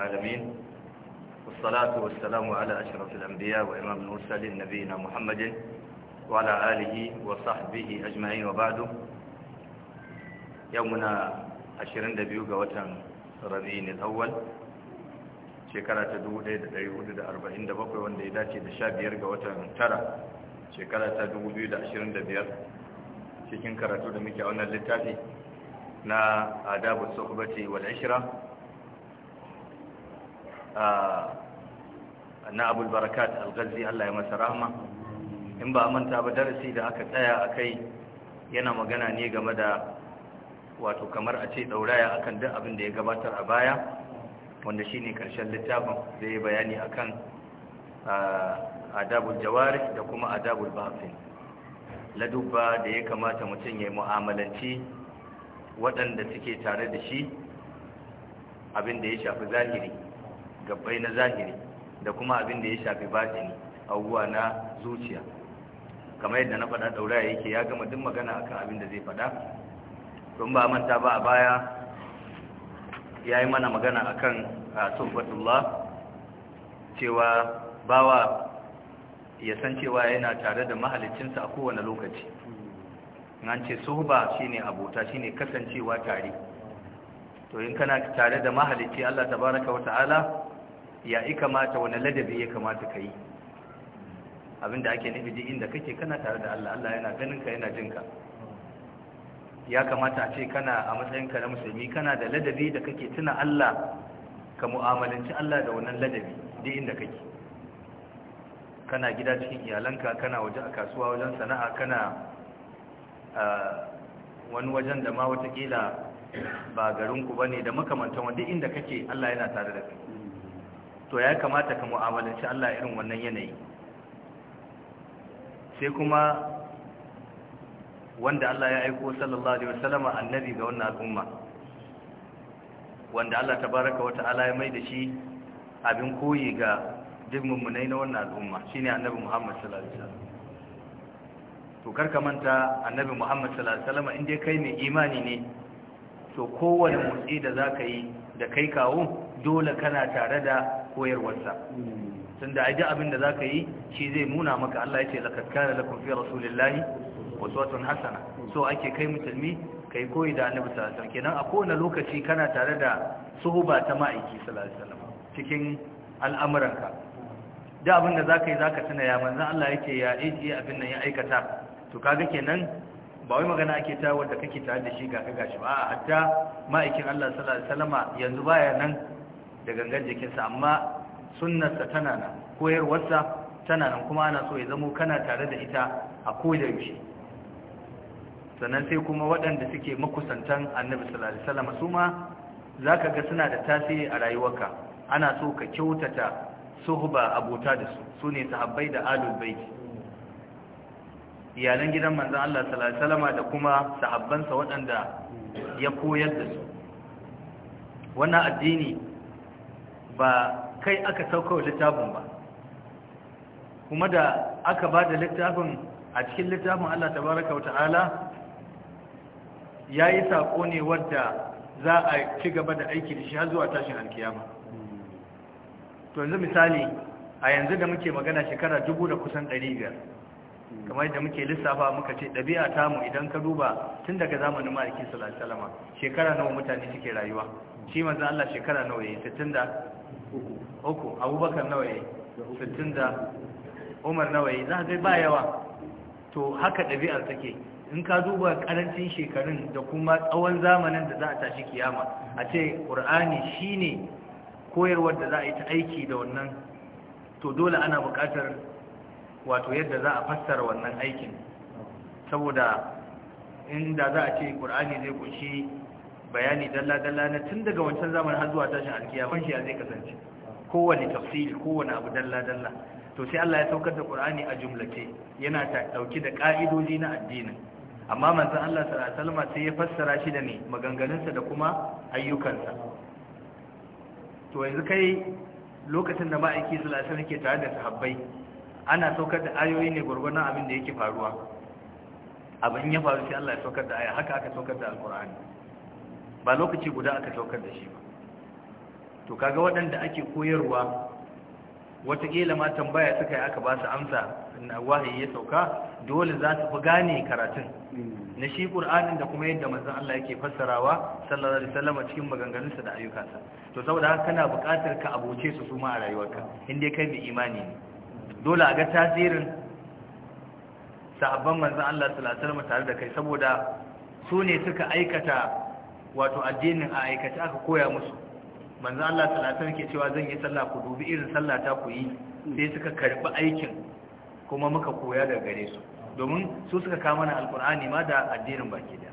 العالمين والصلاة والسلام على أشرف الأنبياء وإمام المرسلين نبينا محمد وعلى آله وصحبه أجمعين وبعد يومنا عشرين دبيوغة وتن ربيين الأول شكرا تدو ديد wanda ya dace da 15 ga watan وطن ترى شكرا تدو ديد karatu da شكرا تدو ميكا littafi na adabu sohbati wal ishra na abul barakat al-ghazi Allah ya masa rahama in ba manta ba darasi da aka tsaya akai yana magana ne game da wato kamar a ce dauraya akan duk abin da ya gabatar a baya wanda shine karshen littafin zai bayani akan adabul jawari da kuma adabul bafin. ladubba da ya kamata mutum ya mu'amalanci waɗanda suke tare da shi abin da ya shafi zahiri gabbai na zahiri da kuma abin da ya shafi batini abubuwa na zuciya kamar yadda na faɗa ɗauraya yake ya gama duk magana akan abin da zai faɗa don ba manta ba a baya ya yi mana magana akan tsofatullah cewa bawa ya san cewa yana tare da mahalicinsa a kowane lokaci an ce shi shine abota shine kasancewa tare to in kana tare da mahalicci Allah tabaraka Ta'ala. ya yi kamata wani ladabi ya kamata ka yi abinda ake nufi duk inda kake kana tare da Allah Allah yana ganin ka yana jin ka ya kamata a ce kana a matsayinka na musulmi kana da ladabi da kake tuna Allah ka mu'amalanci Allah da wannan ladabi duk inda kake kana gida cikin iyalanka kana waje a kasuwa wajen sana'a kana wani wajen da ma watakila ba garinku ba ne da makamantan wanda inda kake Allah yana tare da kai to ya kamata ka mu'amalanci Allah irin wannan yanayi sai kuma wanda Allah ya aiko sallallahu alaihi wasallama annabi ga wannan al'umma wanda Allah tabaraka wa ta'ala ya da shi abin koyi ga duk mummunai na wannan al'umma shine annabi Muhammad sallallahu alaihi wasallam to karka manta annabi Muhammad sallallahu alaihi wasallama indai kai mai imani ne to kowane motsi da zaka yi da kai kawo dole kana tare da koyarwarsa tunda ai duk abin da ka yi shi zai nuna maka Allah yace laqad da lakum fi rasulillahi uswatun hasana so ake kai musulmi kai koyi da annabi sallallahu alaihi wasallam kenan a kowane lokaci kana tare da suhuba ta ma'aiki sallallahu alaihi wasallam cikin al'amuranka da abin da zaka yi zaka tuna ya manzon Allah yake ya yi abin nan ya aikata to kaga kenan ba wai magana ake ta wanda kake tare da shi ga ka gashi ba a hatta ma'aikin Allah sallallahu alaihi wasallama yanzu baya nan da gangan jikinsa amma sunnarsa tana nan koyarwarsa tana nan kuma ana so ya zamo kana tare da ita a koyaushe sannan sai kuma waɗanda suke makusantan annabi sallallahu alaihi wasallam su ma zaka ga suna da tasiri a rayuwarka ana so ka kyautata suhba abota da su sune sahabbai da alul baiti iyalan gidan manzan Allah sallallahu alaihi da kuma sahabbansa waɗanda ya koyar da su wannan addini ba kai aka saukawa littafin ba kuma da aka ba da littafin a cikin littafin Allah tabaraka wa ta'ala ya yi saƙo ne wadda za a ci gaba da aiki da shi har zuwa tashin alkiyama to yanzu misali a yanzu da muke magana shekara dubu da kusan ɗari biyar kamar yadda muke lissafa muka ce ɗabi'a tamu idan ka duba tun daga zamanin ma'aikin salama shekara nawa mutane suke rayuwa shi manzan Allah shekara nawa ya yi uku abubakar nawa sittin da umar nawa za ka ba yawa to haka ɗabi'ar take in ka duba karancin shekarun da kuma tsawon zamanin da za a tashi kiyama a ce ƙur'ani shine koyarwar da za a yi ta aiki da wannan to dole ana buƙatar wato yadda za a fassara wannan aikin saboda inda za a ce ƙur'ani zai kunshi bayani dalla-dalla na tun daga wancan zamanin har zuwa tashin alkiyama shi zai kasance kowane tafsiri kowane abu dalla-dalla to sai Allah ya saukar da Qur'ani a jumlace yana dauki da ka'idoji na addinin amma manzon Allah sallallahu alaihi wasallam sai ya fassara shi da ne maganganunsa da kuma ayyukansa to yanzu kai lokacin da ma'aiki sallallahu alaihi wasallam ke tare da sahabbai ana saukar da ayoyi ne gurgurdan abin da yake faruwa abin ya faru sai Allah ya saukar da aya haka aka saukar da alqur'ani ba lokaci guda aka saukar da shi ba to kaga waɗanda ake koyarwa wataƙila ma tambaya suka yi aka ba su amsa na wahayi ya sauka dole za su fi gane karatun na shi ƙur'anin da kuma yadda manzan Allah yake fassarawa sallallahu alaihi wasallam cikin maganganunsa da ayyukansa to saboda haka kana buƙatar ka abuce su su a rayuwarka inda dai kai mai imani dole a ga tasirin sahabban manzan Allah sallallahu alaihi wasallam tare da kai saboda su ne suka aikata wato addinin a aikace aka koya musu manzo Allah sallallahu ke cewa zan yi sallah ku dubi irin sallah ta ku yi sai suka karbi aikin kuma muka koya daga gare su domin su suka kama na alkur'ani ma da addinin baki da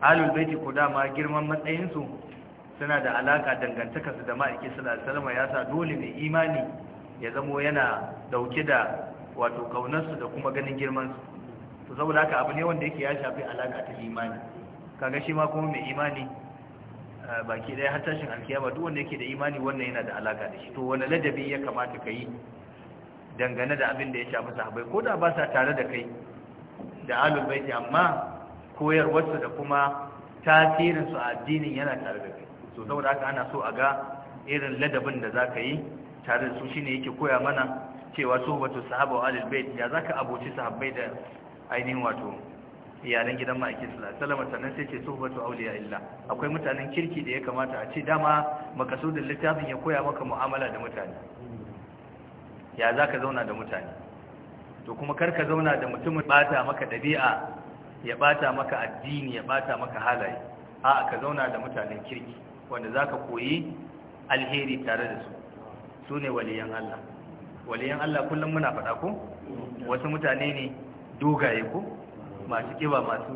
alul baiti ko dama girman su suna da alaka dangantaka su da ma'aiki salama ya sa dole mai imani ya zamo yana dauke da wato kaunarsu da kuma ganin girmansu su saboda haka abu ne wanda yake ya shafi alaka ta imani kaga shi ma kuma mai imani baki ɗaya har tashin alkiyama duk wanda yake da imani wannan yana da alaka da shi to wani ladabi ya kamata ka yi dangane da abin da ya shafi sahabai? ko da ba sa tare da kai da alul baiti amma koyarwarsu da kuma tasirin su a addinin yana tare da kai so saboda haka ana so a ga irin ladabin da zaka yi tare da su shine yake koya mana cewa sohbatu sahaba wa alul bait ya zaka abuci sahabbai da ainihin wato iyalan gidan ma'aikin sallallahu alaihi wasallam sannan sai ce suhbatu auliya illa akwai mutanen kirki da ya kamata a ce dama makasudin littafin ya koya maka mu'amala da mutane ya za ka zauna da mutane to kuma kar ka zauna da mutumin bata maka dabi'a ya bata maka addini ya bata maka halaye a'a ka zauna da mutanen kirki wanda za ka koyi alheri tare da su Su ne waliyan Allah waliyan Allah kullum muna faɗa ko wasu mutane ne dogaye ko masu kiba masu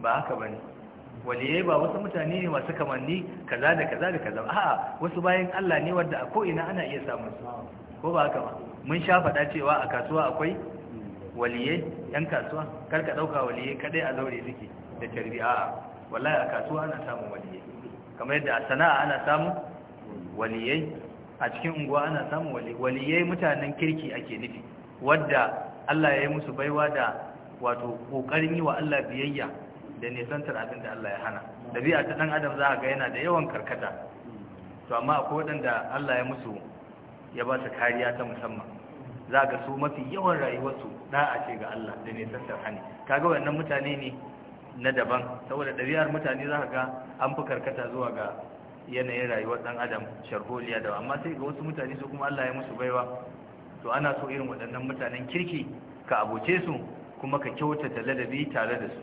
ba haka ba ne waliyai ba wasu mutane ne masu kamanni kaza da kaza da kaza a'a wasu bayan Allah ne wanda a ko'ina ana iya samun su ko ba haka ba mun sha faɗa cewa a kasuwa akwai Waliye yan kasuwa kar ka ɗauka waliye kadai a zaure suke da tarbi a'a wallahi a kasuwa ana samun waliye? kamar yadda a sana'a ana samun Waliye a cikin unguwa ana samun Waliye mutanen kirki ake nufi wadda Allah ya yi musu baiwa da wato kokarin yi wa Allah biyayya da nisantar abin da Allah ya hana dabi'a ta dan adam za a ga yana da yawan karkata to amma akwai waɗanda Allah ya musu ya ba su kariya ta musamman za ga su mafi yawan rayuwarsu a ce ga Allah da nisantar hani kaga wannan mutane ne na daban saboda ɗabi'ar mutane za ga an fi karkata zuwa ga yanayin rayuwar ɗan adam sharholiya da amma sai ga wasu mutane su kuma Allah ya musu baiwa to ana so irin waɗannan mutanen kirki ka abuce su kuma ka kyautata ladabi tare da su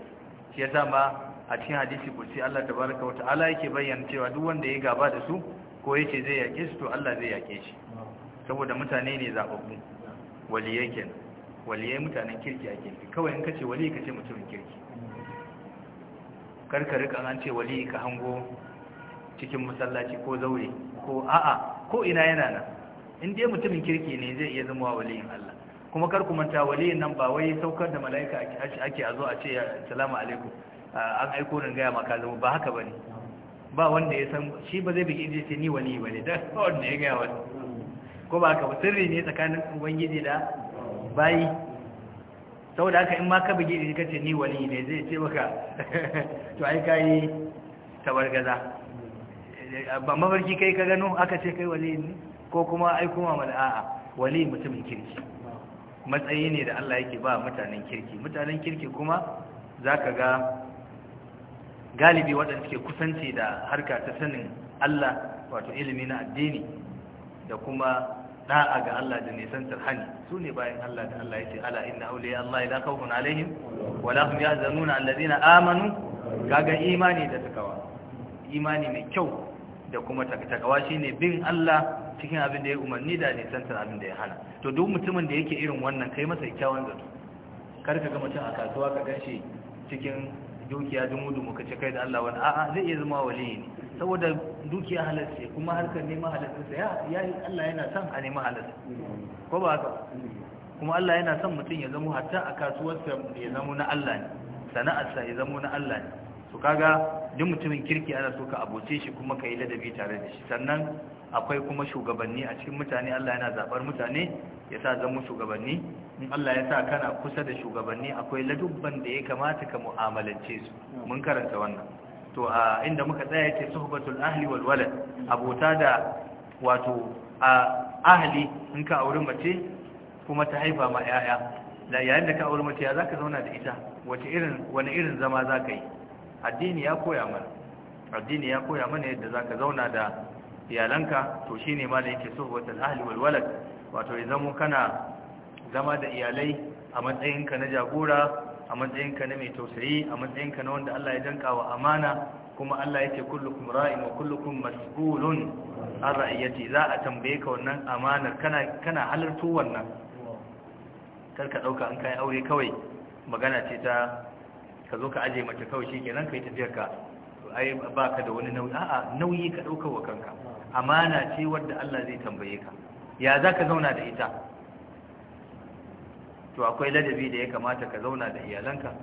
shi yasa ma a cikin hadisi kursi Allah tabaraka wata'ala yake bayyana cewa duk wanda ya gaba da su ko yace zai yake su to Allah zai yake shi saboda mutane ne zababbu waliyai kenan waliyai mutanen kirki ake fi kawai in kace wali kace mutumin kirki karka rika an ce wali ka hango cikin masallaci ko zaure ko a'a ko ina yana nan in dai mutumin kirki ne zai iya zama waliyin Allah kuma kar ku manta waliyin nan ba wai saukar da mala'ika ake a zo a ce assalamu alaikum an aiko rin gaya maka zama ba haka bane ba wanda ya san shi ba zai bikin je ce ni wali bane da wanda ya gaya wani ko ba haka sirri ne tsakanin ubangiji da bayi saboda haka in ma ka bigi ne kace ni wali ne zai ce maka to ai kai tabargaza eh, eh, ba mafarki kai ka gano aka ce kai wali ne ko kuma ai kuma mana a'a wali mutumin kirki matsayi ne da Allah yake ba mutanen kirki mutanen kirki kuma zaka ga galibi waɗanda suke kusanci da harka ta sanin Allah wato ilimi na addini da kuma da'a ga Allah da nisantar hani su ne bayan Allah da Allah ya ce ala inna awliya Allah la khawfun alaihim wa la hum yahzanun alladhina amanu kaga imani da takawa imani mai kyau da kuma takawa shine bin Allah cikin abin da ya umarni da nisantar abin da ya hana to duk mutumin da yake irin wannan kai masa kyawun zato kar ka ga mutum a kasuwa ka ganshi cikin dukiya dumu-dumu ka ce kai da Allah wani a'a zai iya zama wali ne saboda dukiya halarci kuma harkar neman halarcinsa ya yi Allah yana son a neman halarci ko ba haka kuma Allah yana son mutum ya zamo hatta a kasuwarsa ya zamo na Allah ne sana'arsa ya zamo na Allah ne kaga duk mutumin kirki ana so ka abuce shi kuma ka yi ladabi tare da shi sannan akwai kuma shugabanni a cikin mutane Allah yana zabar mutane ya sa zama shugabanni in Allah ya sa kana kusa da shugabanni akwai ladubban da ya kamata ka mu'amalance su mun karanta wannan to a inda muka tsaya yake suhbatul ahli wal walad abota da wato a ahli in ka auri mace kuma ta haifa ma yaya yayin da ka auri mace ya zaka zauna da ita wace irin wani irin zama zaka yi addini ya koya mana addini ya koya mana yadda zaka zauna da iyalanka to shine ma da yake so ahli wal walad wato idan mun kana zama da iyalai a matsayinka na jagora a matsayinka na mai tausayi a matsayinka na wanda Allah ya danka wa amana kuma Allah yake kullukum ra'in wa kullukum mas'ulun an ra'iyati za a tambaye ka wannan amanar kana kana halartu wannan karka dauka an kai aure kawai magana ce ta ka zo ka aje mace kawai shi kenan ka yi tafiyar ai ba ka da wani nauyi a'a nauyi ka ɗaukar wa kanka amana ce wadda Allah zai tambaye ka ya za ka zauna da ita to akwai ladabi da ya kamata ka zauna da iyalanka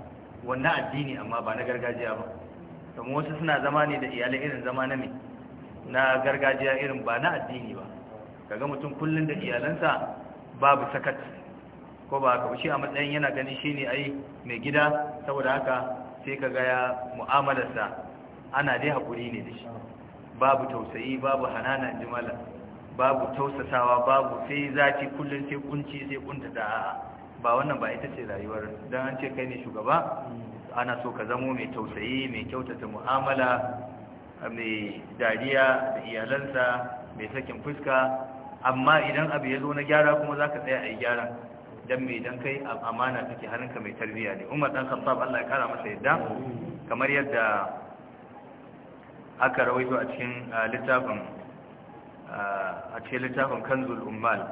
wannan addini amma ba na gargajiya ba kuma wasu suna zama ne da iyalai irin zama na na gargajiya irin ba na addini ba kaga mutum kullun da iyalansa babu sakat ko ba ka shi a matsayin yana ganin shi ne ai mai gida saboda haka sai ka gaya mu'amalarsa ana dai haƙuri ne da shi babu tausayi babu hanana jimala babu tausasawa babu sai zaci kullum sai kunci sai kunta da a'a ba wannan ba ita ce rayuwar dan an ce kai ne shugaba ana so ka zamo mai tausayi mai kyautata mu'amala mai dariya da iyalansa mai sakin fuska amma idan abu ya zo na gyara kuma za ka tsaya a yi gyara dan mai dan kai amana take hannunka mai tarbiya ne Umar dan Khattab Allah ya kara masa yadda kamar yadda aka rawaito a cikin littafin a cikin littafin Kanzul Ummal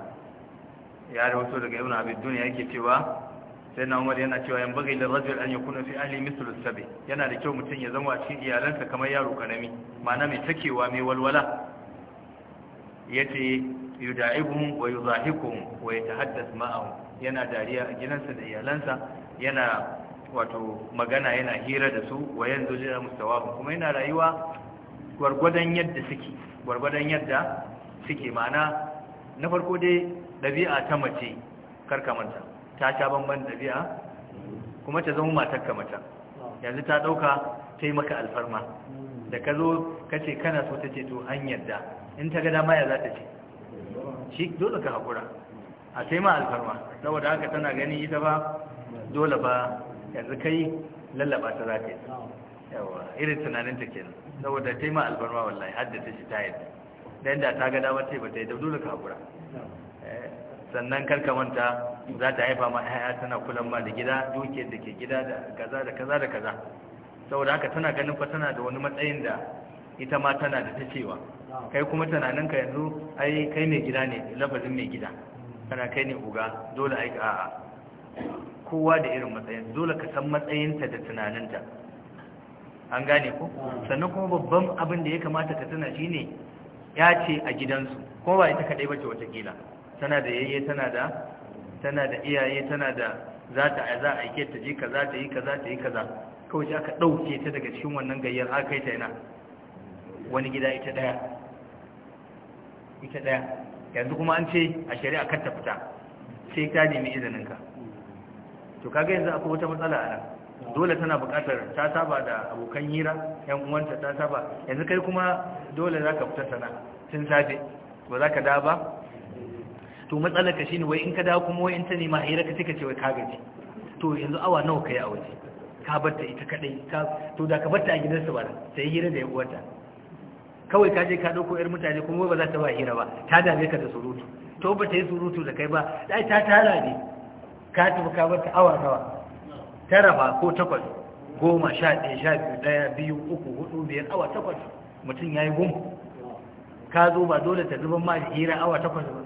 ya rawaito daga ibnu Abi Dunya yake cewa sai na Umar yana cewa yan bagai rajul an yakuna fi ahli mithlu sabi yana da kyau mutum ya zama a cikin iyalansa kamar yaro karami Mana mai takewa mai walwala yace yuda'ibuhum wa yudahikuhum wa yatahaddath ma'ahum yana dariya a gidansa da iyalansa yana wato magana yana hira da su wa yanzu lila mustawahu kuma yana rayuwa gwargwadon yadda suke gwargwadon yadda suke ma'ana na farko dai ɗabi'a ta mace manta, ta sha bamban dabi'a kuma ta zama matar mata yanzu ta ɗauka ta yi maka alfarma da ka zo ka ce kana so ta ce to an yadda in ta ga dama ya za ta ce shi dole ka haƙura a sai ma alfarma saboda haka tana gani ita ba dole ba yanzu kai lallaba ta za ka yi yawa irin tunaninta kenan saboda sai ma alfarma wallahi hadda ta shi ta yi da yadda ta gada wata ta yi ba ta yi da dole ka haƙura eh, sannan karka manta za ta haifa ma yaya tana kulan ma da gida dukiyar da ke gida da kaza da kaza da kaza saboda haka tana ganin fa tana da wani matsayin da ita ma tana da ta cewa kai kuma tunaninka yanzu ai kai mai gida ne lafazin mai gida kana kai ne uga dole ai a'a kowa da irin matsayin dole ka san matsayinta da tunaninta an gane ko sannan kuma babban abin da ya kamata ka tuna shine ya ce a gidansu ko ba ita kadai bace watakila tana da yayye tana da tana da iyaye tana da za ta za a aike ta je kaza ta yi kaza ta yi kaza kawai aka dauke ta daga cikin wannan gayyar aka yi ta yana wani gida ita daya ita daya yanzu kuma an ce a shari'a kan ta fita sai ta nemi izininka to kaga yanzu akwai wata matsala a nan dole tana buƙatar ta saba da abokan hira yan uwanta ta saba yanzu kai kuma dole za ka fita sana tun safe ba za ka da ba to matsalar ka shine wai in ka dawo kuma wai in ta nema hira ka take ce wai ka gaji to yanzu awa nawa kai a waje ka bar ta ita kadai to da ka bar ta a gidansa ba ta yi hira da yan uwanta kawai ka je ka dauko yar mutane kuma ba za ta wahira hira ba ta dame ka da surutu to ba ta yi surutu da kai ba ai ta tara ne ka tafi ka bar ta awa nawa tara ba ko takwas goma sha ɗaya sha biyu ɗaya biyu uku hudu biyar awa takwas mutum ya yi gum ka zo ba dole ta zuban ma hira awa takwas ba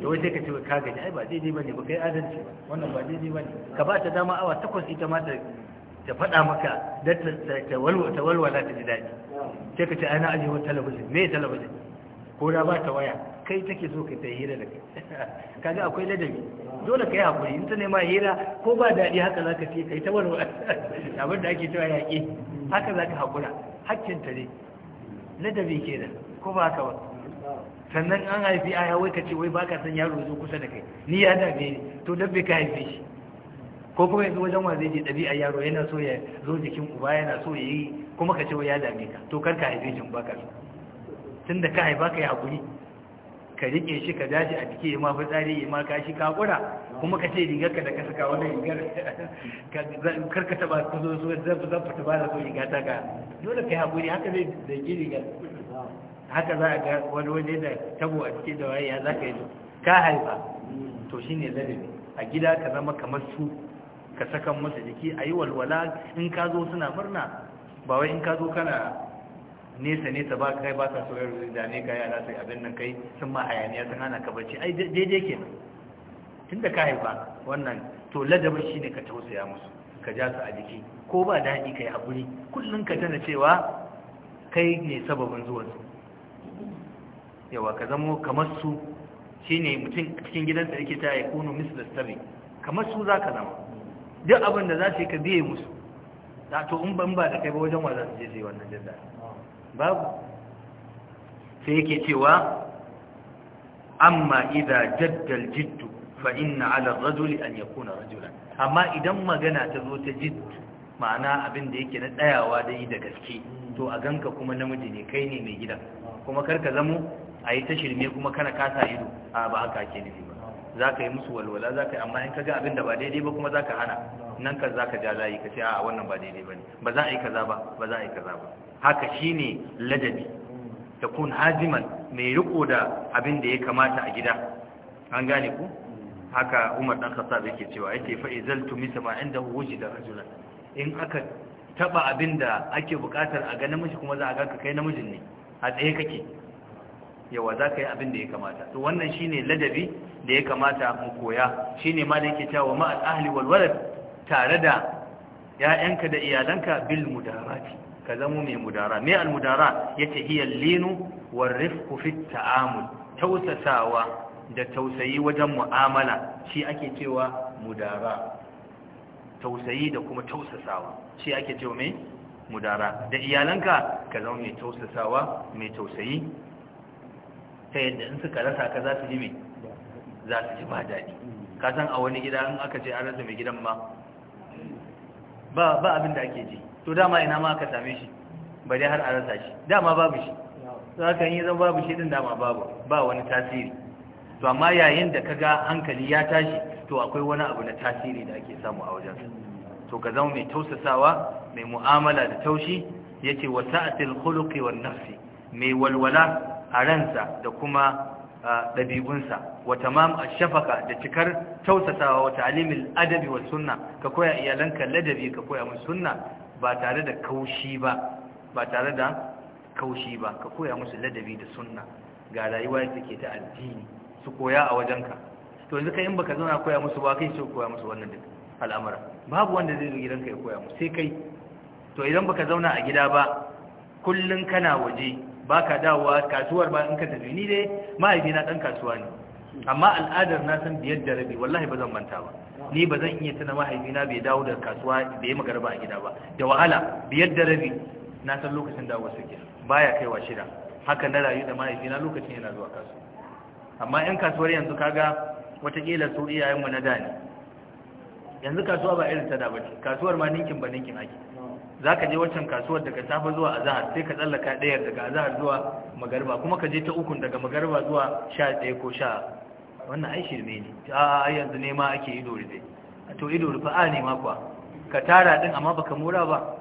da wai sai ka ce ka gani ai ba daidai ba ne ba kai adalci wannan ba daidai ba ne ka ba ta dama awa takwas ita ma ta faɗa maka don ta walwala ta ji daɗi sai ka ce ana aje wata talabijin me talabijin ko da ba ta waya kai take so ka ta hira da kai kaga akwai ladabi dole ka yi hakuri in ta nema hira ko ba daɗi haka za ka ce kai ta wani abin da ake cewa yaƙi haka za ka haƙura ta ne ladabi ke da, ko ba haka ba sannan an haifi aya wai ka ce wai ba ka san yaro zo kusa da kai ni ya dame ni to dabbe ka haife shi ko kuma yanzu wajen wa zai je ɗabi'a yaro yana so ya zo jikin uba yana so ya yi kuma ka ce ya dame ka to kar ka haife shi ba ka so tun da ka haifa ka yi haƙuri ka riƙe shi ka dace a jiki ya ma fitsari ya ma kashi ka haƙura kuma ka ce rigar ka da ka saka wani rigar kar ka taɓa ka zo so zan fita zafi ba da so riga ta ka dole ka yi haƙuri haka zai zaki rigar haka za a ga wani waje da tabo a ciki da waye ya za ka yi ka haifa to shine ladabi a gida ka zama kamar su ka sakan musu jiki a yi walwala in ka zo suna murna ba wai in ka zo kana nesa nesa ba kai ba ka soyar da ne ka yara sai abin nan kai sun ma hayaniya sun hana ka bacci ai daidai nan tun da ka haifa wannan to ladabar shi ne ka tausaya musu ka ja su a jiki ko ba daɗi ka yi haƙuri kullum ka tana cewa kai ne sababin su yawa ka zamo kamar su shi ne mutum cikin gidansa yake ta ya kunu mislis tabi kamar su za ka zama duk abin da za su yi ka biye musu za to in ban ba da kai ba wajen wa za su je su wannan jin babu sai yake cewa amma idan jaddal jiddu fa inna ala rajuli an yakuna rajulan amma idan magana ta zo ta jiddu ma'ana abin da yake na tsayawa da yi da gaske to a ganka kuma namiji ne kai ne mai gidan kuma karka zamo a yi ta shirme kuma kana kasa ido a ba haka ke nufi ba za ka yi musu walwala za ka yi amma in ka ga abin da ba daidai ba kuma za ka hana nan ka za ka ja layi ka ce a wannan ba daidai ba ne ba za a yi kaza ba ba za a yi kaza ba haka shi ne ladabi ta kun haziman mai riko da abin da ya kamata a gida an gane ku haka umar dan khattab yake cewa yake fa izaltu ma inda da rajula in aka taba abin da ake bukatar a ga namiji kuma za a ga ka kai namijin ne a tsaye kake yawa za ka yi abin da ya kamata to wannan shi ne ladabi da ya kamata mu koya shine ma da yake cewa ma al-ahli wal tare da 'ya'yanka da iyalanka bil mudarati ka zamo mai mudara mai al-mudara yace hiya linu war rifqu fi ta'amul tausasawa da tausayi wajen mu'amala shi ake cewa mudara tausayi da kuma tausasawa shi ake cewa mai mudara da iyalanka ka zama mai tausasawa mai tausayi ta yadda in suka rasa ka za su ji me za su ji ba daɗi ka san a wani gida in aka ce an rasa mai gidan ma ba abin da ake ji to dama ina ma aka same shi bari har a rasa shi dama babu shi za ka yi zan babu shi din dama babu ba wani tasiri to amma yayin da kaga hankali ya tashi to akwai wani abu na tasiri da ake samu a wajen to ka zama mai tausasawa mai mu'amala da taushi yace wasa'atil khuluqi wan nafsi mai walwala a ransa da kuma ɗabi'unsa wa tamam shafaka da cikar tausasawa wa ta'limil adabi wa sunna ka koya iyalanka ladabi ka koya musu sunna ba tare da kaushi ba ba tare da kaushi ba ka koya musu ladabi da sunna ga rayuwa yadda take ta addini su koya a wajenka to yanzu kai in baka zauna koya musu ba kai sai koya musu wannan duk al'amura babu wanda zai zo gidanka ya koya musu sai kai to idan baka zauna a gida ba kullun kana waje ba ka dawowa kasuwar ba in ka tafi ni dai mahaifina ɗan kasuwa ne amma al'adar na san biyar da rabi wallahi ba zan manta ba ni ba zan iya tuna mahaifina bai dawo da kasuwa da ya magarba a gida ba da wahala biyar da rabi na san lokacin dawo ba baya kaiwa shida haka na rayu da mahaifina lokacin yana zuwa kasuwa amma yan kasuwar yanzu kaga watakila su iyayenmu na da ne yanzu kasuwa ba irin ta da ce kasuwar ma ninkin ba ninkin ake za ka je waccan kasuwar daga safe zuwa azahar sai ka tsallaka ɗayar daga azahar zuwa magarba kuma ka je ta ukun daga magarba zuwa sha ɗaya ko sha wannan ai shirme ne a yanzu nema ake ido rufe to ido rufe a nema kuwa ka tara ɗin amma baka mura ba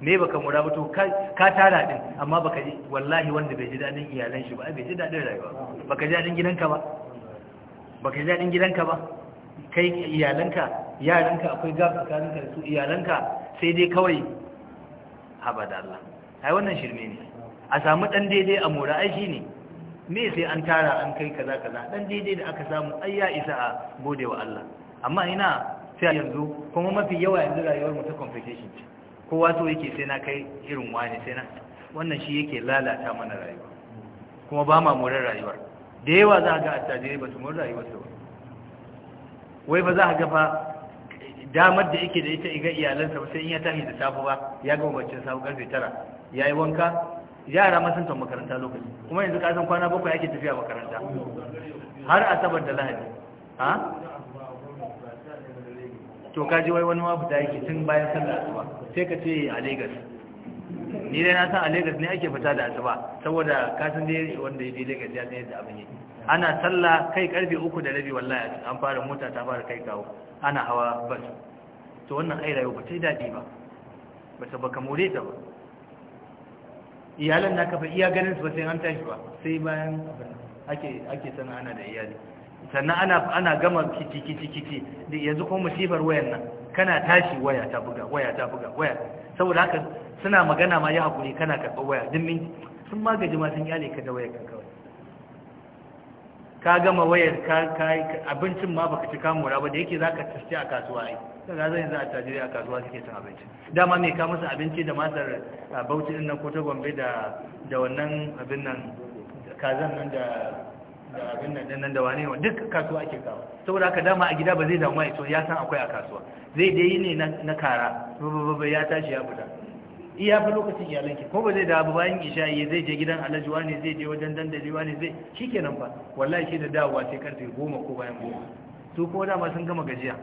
me baka mura ba to ka tara ɗin amma baka ji wallahi wanda bai ji daɗin iyalan shi ba bai ji daɗin rayuwa baka ji daɗin gidanka ba baka ji daɗin gidanka ba kai iyalanka yaranka akwai gab tsakaninka da su iyalanka sai dai kawai haba da Allah ai wannan shirme ne a samu dan daidai a mura ai shine me sai an tara an kai kaza kaza dan daidai da aka samu ai ya isa a gode wa Allah amma ina sai yanzu kuma mafi yawa yanzu rayuwar mu ta competition ce kowa so yake sai na kai irin wani sai na wannan shi yake lalata mana rayuwa kuma ba ma morar rayuwar da yawa za ga attajiri ba su morar rayuwar su wai ba za ga fa damar da yake da ita iga iyalansa sai in ya tashi da safe ba ya gama baccin safe karfe tara ya yi wanka yara ma sun makaranta lokaci kuma yanzu kasan kwana bakwai ake tafiya makaranta har asabar da lahadi ha to ka ji wai wani ma fita yake tun bayan sallar asuba sai ka ce a Lagos ni dai na san a Lagos ne ake fita da asuba saboda kasan san dai wanda ya je Lagos ya san yadda abin yake ana sallah kai karfe uku da rabi wallahi an fara mota ta fara kai kawo ana hawa bas to wannan ai rayuwa ba ta yi daɗi ba ba ta baka more ta ba iyalan naka kafa iya ganin su ba sai an tashi ba sai bayan ake ake sana ana da iyali sannan ana ana gama kici kici kici yanzu ko musibar wayar nan kana tashi waya ta buga waya ta buga waya saboda haka suna magana ma ya hakuri kana karɓar waya duk sun magaji ma sun yale ka da wayar kanka ka gama wayar ka kai abincin ma baka ci kamura ba da yake zaka tashi a kasuwa ai kaga zan yanzu a tajiri a kasuwa suke cin abinci dama me ka masa abinci da matar Bauchi din nan ko ta Gombe da da wannan abin nan kazan nan da da abin nan din nan da wane duk kasuwa ake kawo saboda haka dama a gida ba zai damu mai to ya san akwai a kasuwa zai dai ne na kara ba ba ba ya tashi ya fita iya fa lokacin ki. ko ba zai da bayan bayan isha'i zai je gidan alhaji wani zai je wajen dandali wani zai shikenan fa wallahi shi da dawowa sai karfe goma ko bayan goma su ko dama sun gama gajiya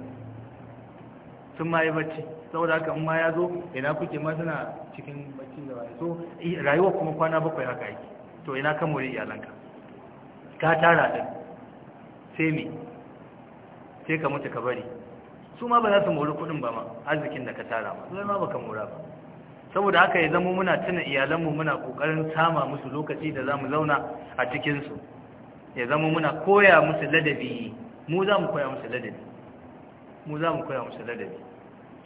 sun ma yi bacci saboda haka in ma ya zo ina kuke ma suna cikin bacci da waye so rayuwa kuma kwana bakwai haka yake to ina ka more iyalanka ka tara din sai me sai ka mutu ka bari su ma ba za su mori kuɗin ba ma arzikin da ka tara ma sai ma baka mora ba saboda haka ya zama muna tuna iyalanmu muna kokarin sama musu lokaci da za mu zauna a cikinsu, ya zama muna koya musu ladabi mu za mu koya musu ladabi mu za mu koya musu ladabi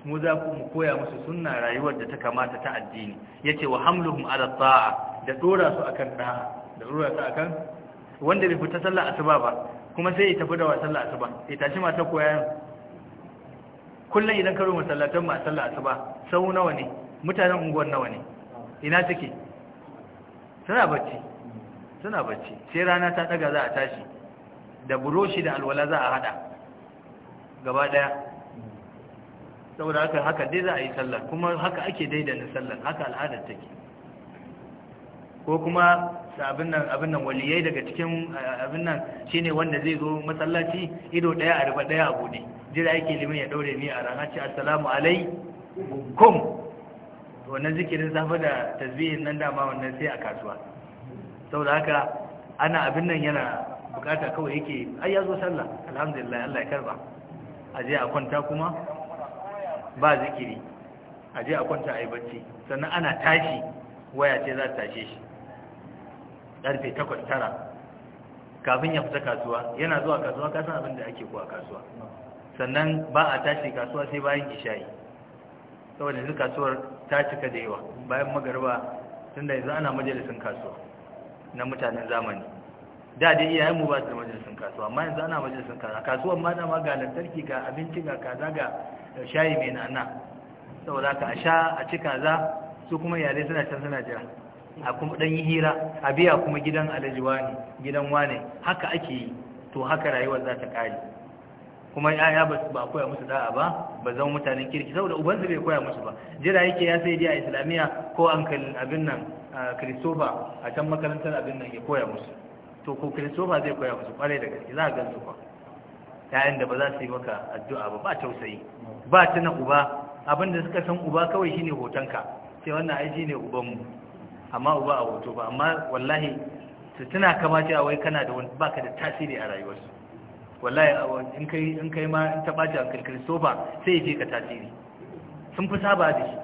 mu za mu koya musu sunna rayuwar da ta kamata ta addini ce wa hamluhum ala ta'a da dora su akan da'a da dora su akan wanda bai fita sallar asuba ba kuma sai ya tafi da wasan sallar asuba ya tashi mata koya kullum idan ka karo masallatan ma sallar asuba sau nawa ne mutanen unguwar nawa ne ina take suna bacci suna bacci sai rana ta daga za a tashi da buroshi da alwala za a hada gaba daya saboda haka haka dai za a yi sallar kuma haka ake na sallar haka al'adar take ko kuma abin nan abin nan waliyai daga cikin abin nan shine wanda zai zo masallaci ido daya a ruba daya a bude jira yake limin ya daure ni a ran hace assalamu alaikum wannan zikirin safe da tasbihin nan dama wannan sai a kasuwa saboda haka ana abin nan yana bukata kawai yake ai ya zo sallah alhamdulillah Allah ya karba a je a kwanta kuma ba zikiri a je a kwanta a yi bacci sannan ana tashi waya ce za ta tashe shi karfe takwas tara kafin ya fita kasuwa yana zuwa kasuwa kasan abin da ake kuwa kasuwa sannan ba a tashi kasuwa sai bayan ishayi saboda yanzu kasuwar ta cika da yawa bayan magarba tun da yanzu ana majalisun kasuwa na mutanen zamani da dai iyayen mu ba su da majalisun kasuwa amma yanzu ana majalisun kasuwa kasuwan ma dama ga lantarki ga abinci ga kaza ga shayi mai nana saboda ka a sha a ci kaza su kuma yare suna can suna jira a kuma dan yi hira a biya kuma gidan alajiwa ne gidan wane haka ake yi to haka rayuwar za ta kare kuma yaya ba koya musu da'a ba ba zama mutanen kirki saboda ubansu bai koya musu ba jira yake ya sai a islamiya ko an abin nan kristofa a can makarantar abin nan ya koya musu to ko kristofa zai koya musu kwarai da gaske za a gan su ba yayin da ba za su yi maka addu'a ba ba tausayi ba tuna uba abin da suka san uba kawai shine hotonka sai wannan aiji ne ubanmu amma uba a hoto ba amma wallahi su tuna kama cewa wai kana da wani baka da tasiri a rayuwarsu wallahi in kai in kai ma in ta baci uncle Christopher sai ya je ka tasiri sun fi saba da shi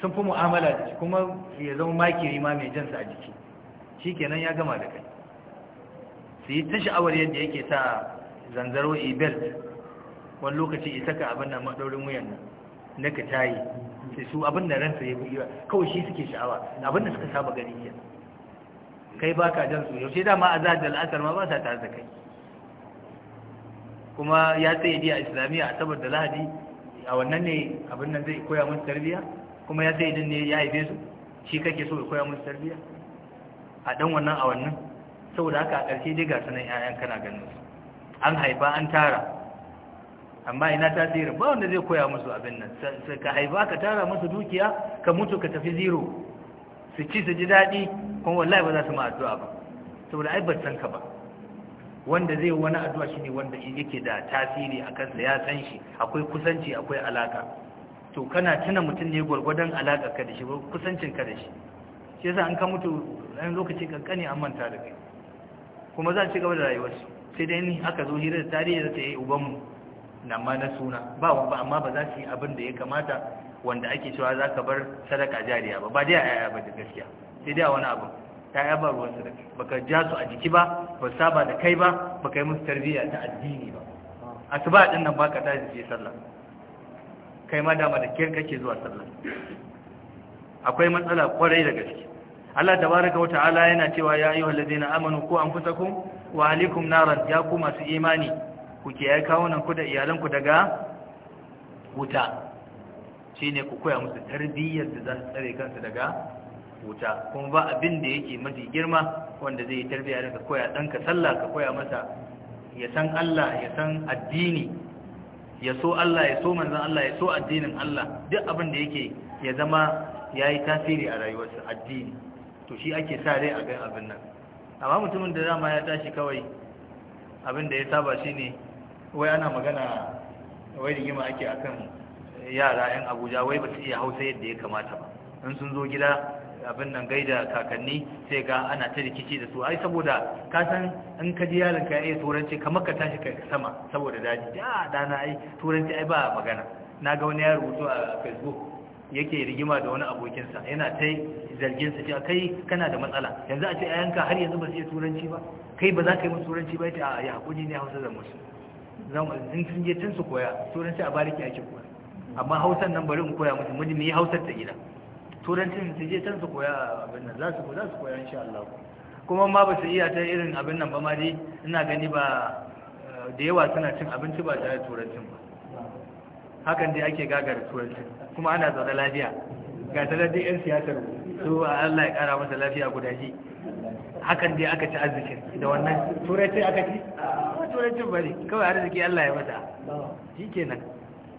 sun fi mu'amala da shi kuma ya zama makiri ma mai jansa a jiki Shi kenan ya gama da kai su yi ta sha'awar yadda yake sa zanzaro E-Belt wani lokaci ya saka abin da maɗaurin wuyan nan na ka tayi sai su abin da ransa ya fi kawai shi suke sha'awa abin da suka saba gani ke kai ba ka jan su yaushe dama a da al'asar ma ba sa tare da kai kuma ya tsaye a islamiyya a da lahadi a wannan ne abin nan zai koya musu tarbiya kuma ya tsaye din ne ya haife su shi kake so ya koya musu tarbiya a dan wannan a wannan saboda haka a ƙarshe dai ga sanan ƴaƴan kana ganin su an haifa an tara amma ina tsira ba wanda zai koya musu abin nan ka haifa ka tara musu dukiya ka mutu ka tafi zero su ci su ji daɗi kuma wallahi ba za su ma addu'a ba saboda ai ba san ka ba wanda zai wani addu'a shine wanda yake da tasiri a kansa ya san shi akwai kusanci akwai alaka to kana tuna mutum ne gwargwadon alaka ka da shi kusancin ka da shi shi yasa an ka mutu ɗan lokaci kankani an manta da kai kuma za a ci gaba da rayuwarsu sai dai ni aka zo hira da tarihi zata ta yi mu na ma na suna ba ba amma ba za su yi abin da ya kamata wanda ake cewa za ka bar sadaka jariya ba ba dai a yaya ba da gaskiya sai dai a wani abu ta ba ruwansu da kai baka ja su a jiki ba ba saba da kai ba ka yi musu tarbiyya ta addini ba a din ba ka ta yi sallah kai ma dama da kiyar kake zuwa sallah akwai matsala kwarai da gaske Allah tabaraka wa ta'ala yana cewa ya yi ayyuhal ladina amanu ku kun wa alikum naran ya ku masu imani ku ke kawo nan ku da iyalanku daga wuta Shi ne ku koya musu tarbiyyar da za su tsare kansu daga wuta kuma ba abin da yake mafi girma wanda zai yi tarbiyya da ka koya ɗanka sallah ka koya masa ya san Allah ya san addini ya so Allah ya so manzan Allah ya so addinin Allah duk abin da yake ya zama ya yi tasiri a rayuwarsa addini to shi ake sa rai a gan abin nan amma mutumin da zama ya tashi kawai abin da ya saba shi ne wai ana magana wai rigima ake akan yara 'yan abuja wai ba su iya hausa yadda ya kamata ba in sun zo gida abin nan gaida kakanni sai ga ana ta rikici da su ai saboda ka san in ka ji yaron ka yi turanci kamar ka tashi ka sama saboda daji da dana ai turanci ai ba magana na ga wani ya to a facebook yake rigima da wani abokinsa yana ta zargin sa cewa kai kana da matsala yanzu a ce ayanka har yanzu ba su iya turanci ba kai ba za ka yi musu turanci ba ya ya hakuri ne hausa da musu in sun je tun su koya turanci a bariki ake koya amma hausan nan bari in koya musu mu yi hausar ta gida turancin su je can su koya abin nan za su koya su koya insha Allah kuma ma ba su iya ta irin abin nan ba ma dai ina gani ba eh, da yawa suna cin abinci ba tare da turancin ba hakan dai ake gagara turancin kuma ana zaune lafiya ga talar dai yan siyasar su Allah ya kara masa lafiya guda shi hakan dai aka ci arzikin da wannan turancin aka ci turancin ne kawai arziki Allah ya mata shikenan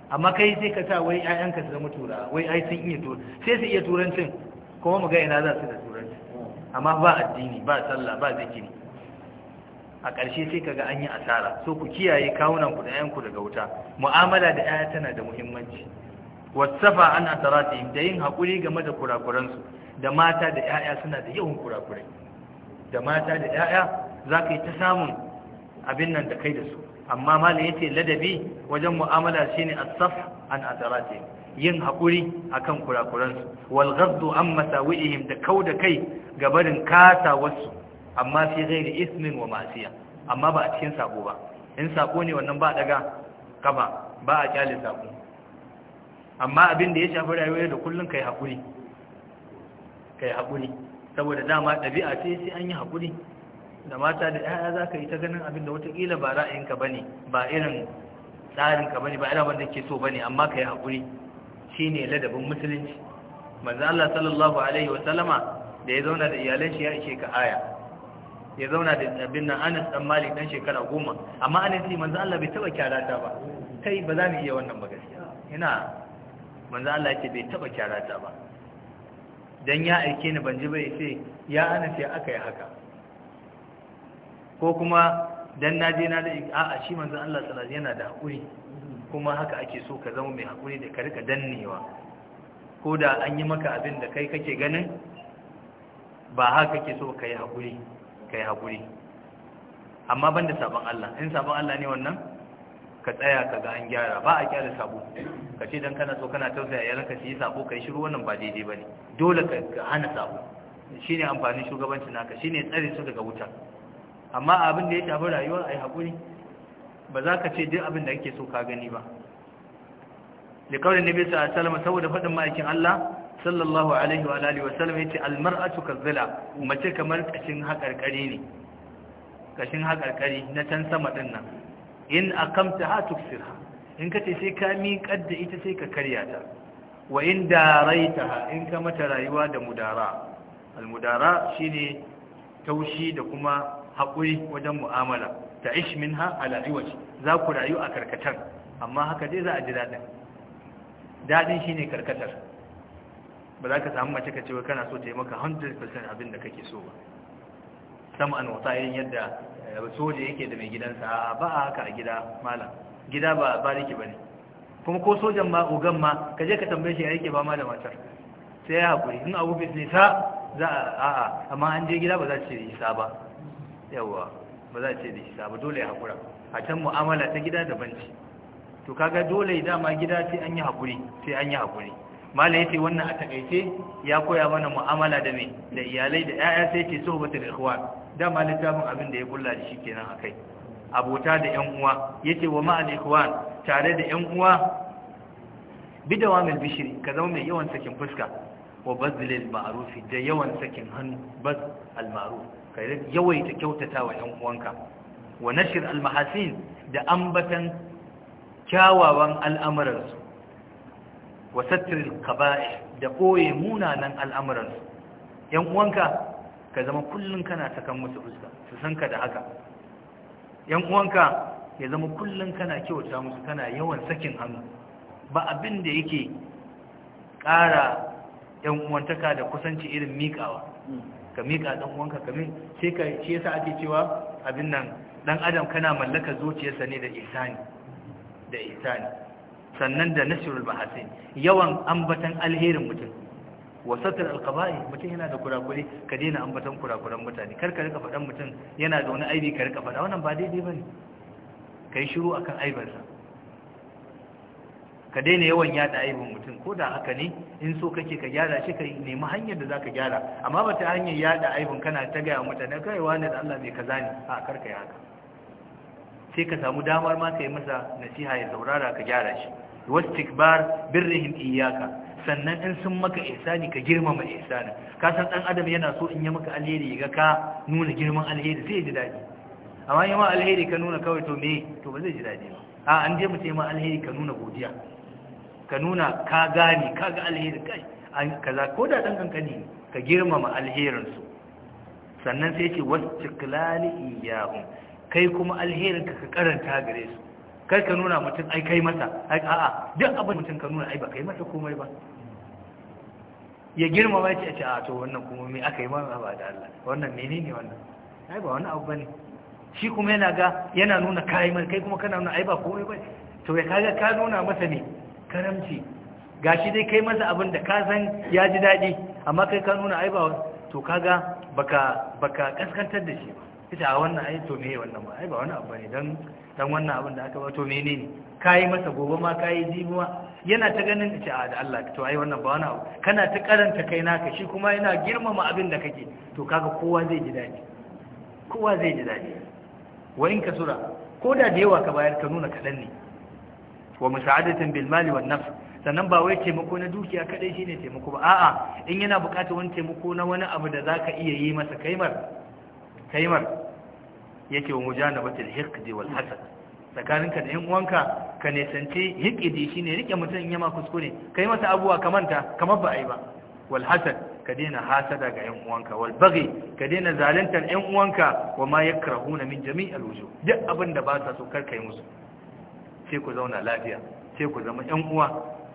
amma kai sai ka sa wai ƴaƴanka su zama tura, wai ai sun iya tura sai su iya turancin kuma mu ga ina za su da turancin amma ba addini ba sallah ba zikiri a ƙarshe sai kaga an yi asara so ku kiyaye kawunan ku da ku daga wuta mu'amala da ƴaƴa tana da muhimmanci wasafa an asaratihim da yin hakuri game da kurakuransu da mata da ƴaƴa suna da yawan kurakurai da mata da ƴaƴa za ka yi ta samun abin nan da kai da su amma ya ce ladabi wajen mu'amala shine a saf an azarate yin haƙuri a kan kurakuransu wal ghaddu an masawi'ihim da kau da kai gabarin kasa wasu amma fi ghairi ismin wa ma'siya amma ba a cikin sako ba in sako ne wannan ba daga kama, ba a kyale sako amma abin da ya shafi rayuwa da kullum kai yi kai saboda dama ɗabi'a ce sai an yi haƙuri. da mata da ya za ka yi ta ganin abin da watakila ba ra'ayinka ba ne ba irin tsarinka ba ne ba irin wanda ke so ba ne amma ka yi haƙuri shi ne ladabin musulunci manzo Allah sallallahu alaihi wa sallama da ya zauna da iyalan shi ya ishe ka aya ya zauna da abin nan Anas dan Malik dan shekara goma amma Anas ne manzo Allah bai taba kyarata ba kai ba za mu iya wannan ba gaskiya ina manzo Allah yake bai taba kyarata ba dan ya aike ni ban ji bai sai ya Anas ya aka yi haka ko kuma dan na je na da a'a shi manzon Allah sallallahu yana da hakuri kuma haka ake so ka zama mai hakuri da ka rika dannewa ko da an yi maka abin da kai kake ganin ba haka kake so kai hakuri kai hakuri amma banda sabon Allah in sabon Allah ne wannan ka tsaya ka ga an gyara ba a kyara sabo ka ce dan kana so kana tausaya yaran ka yi sabo kai shiru wannan ba daidai bane dole ka hana sabo shine amfanin shugabancin naka shine tsare su daga wuta amma abin da ya shafi rayuwa a yi haƙuri ba za ka ce duk abin da kake so ka gani ba da kawai nabi sallallahu alaihi wasallam saboda faɗin ma'aikin Allah sallallahu alaihi wa alihi wasallam yace almar'atu kazzala mace kamar kashin hakarkare ne kashin hakarkare na can sama din nan in akamta ha tuksirha in kace sai ka miƙar da ita sai ka karya ta wa in daraitaha in ka mata rayuwa da mudara almudara shine taushi da kuma haƙuri wajen mu'amala ta ish min ha ala'iwaci za ku rayu a karkatar amma haka dai za a ji daɗin daɗin shi ne karkatar ba za ka samu mace ka cewa kana so ta yi maka 100% abin da kake so ba sama an wata yin yadda eh, soja yake da mai gidansa ba a haka a gida malam gida ba ke ba ne kuma ko sojan ma ugan ma ka je ka tambaye shi yake ba ma da matar sai ya haƙuri in abu ne sa za a a'a amma an je gida ba za su ce isa ba yawa ba za ce da shi ba dole ya haƙura a can mu'amala ta gida da banci. to kaga dole dama gida sai an yi haƙuri sai an yi haƙuri malai yace wannan a takaice ya koya mana mu'amala da me da iyalai da ƴaƴa sai ce sohbatul ikhwan dama littafin abin da ya kulla da shi kenan akai abota da ƴan uwa yace wa ma'al ikhwan tare da ƴan uwa bidawamil bishri ka zama mai yawan sakin fuska wa bazlil ma'ruf da yawan sakin hannu baz al ma'ruf ka yawaita kyautata wa ‘yan uwanka wa nashir almahasin da ambatan kyawawan al'amuransu wa sattir kaba'i da ɓoye munanan al'amuransu ‘yan uwanka ka zama kullum kana ta kan musu fuska su san ka da haka ‘yan uwanka ya zama kullum kana kyauta musu kana yawan sakin hannu ba abin da yake ƙara ‘yan uwantaka da kusanci irin miƙawa ka miƙa ɗan uwanka ka min sai ka shi yasa ake cewa abin nan ɗan adam kana mallaka zuciyarsa ne da ihsani da ihsani sannan da nasirul bahasin yawan ambatan alherin mutum wa satr alqaba'i mutum yana da kurakure ka daina ambatan kurakuran mutane kar ka rika faɗan mutum yana da wani aibi ka rika faɗa wannan ba daidai bane kai shiru akan aibarsa. ka daina yawan yada aibin mutum ko da haka ne in so kake ka gyara shi ka nemi hanyar da za ka gyara amma ba ta hanyar yada aibin kana ta gaya mutane kai wani da Allah mai kaza ne a karka ya haka sai ka samu damar ma ka yi masa nasiha ya saurara ka gyara shi wastikbar birrihim iyyaka sannan in sun maka ihsani ka girmama ihsanin ka san dan adam yana so in ya maka alheri ga ka nuna girman alheri sai ji dadi amma yamma alheri ka nuna kawai to me to ba zai ji dadi ba a an je mu ce ma alheri ka nuna godiya ka nuna ka gane ka ga alherin kai an kaza ko da dan ne. ka girmama alherin su sannan sai ce wastiqlali iyahum kai kuma alherin ka ka karanta gare su kai ka nuna mutum ai kai masa ai a'a duk abin mutum ka nuna ai ba kai masa komai ba ya girmama ce a ce a to wannan kuma me aka yi mana ba da Allah wannan menene wannan ai ba wani abu bane shi kuma yana ga yana nuna kai mai kai kuma kana nuna ai ba komai ba to ya kaga ka nuna masa ne karamci gashi dai kai masa abin da ka san ya ji daɗi amma kai ka nuna ai ba to kaga baka baka kaskantar da shi ba ita a wannan ai to meye wannan ba ai ba wani abu ne dan dan wannan abin da aka ba to ne kai masa gobe ma kai jibuwa yana ta ganin ita da Allah to ai wannan ba wani abu kana ta karanta kai naka shi kuma yana girmama abin da kake to kaga kowa zai ji daɗi kowa zai ji daɗi wa in ka sura ko da da yawa ka bayar ka nuna kaɗan ne wa musa'adatin bil mali wan nafs sannan ba wai taimako na dukiya kadai shine taimako ba a'a in yana bukatar wani taimako na wani abu da zaka iya yi masa kaimar kaimar yake wa mujanabatil hiqdi wal hasad tsakaninka da yan uwanka ka nisanci hiqdi shine rike mutum in yama kuskure kai masa abuwa kamanta kamar ba ai ba wal hasad ka daina hasada ga yan uwanka wal baghi ka daina zaluntar yan uwanka wa ma yakrahuna min jami'al wujuh duk abin da ba sa so kar kai musu sai ku zauna lafiya sai ku zama ƴan uwa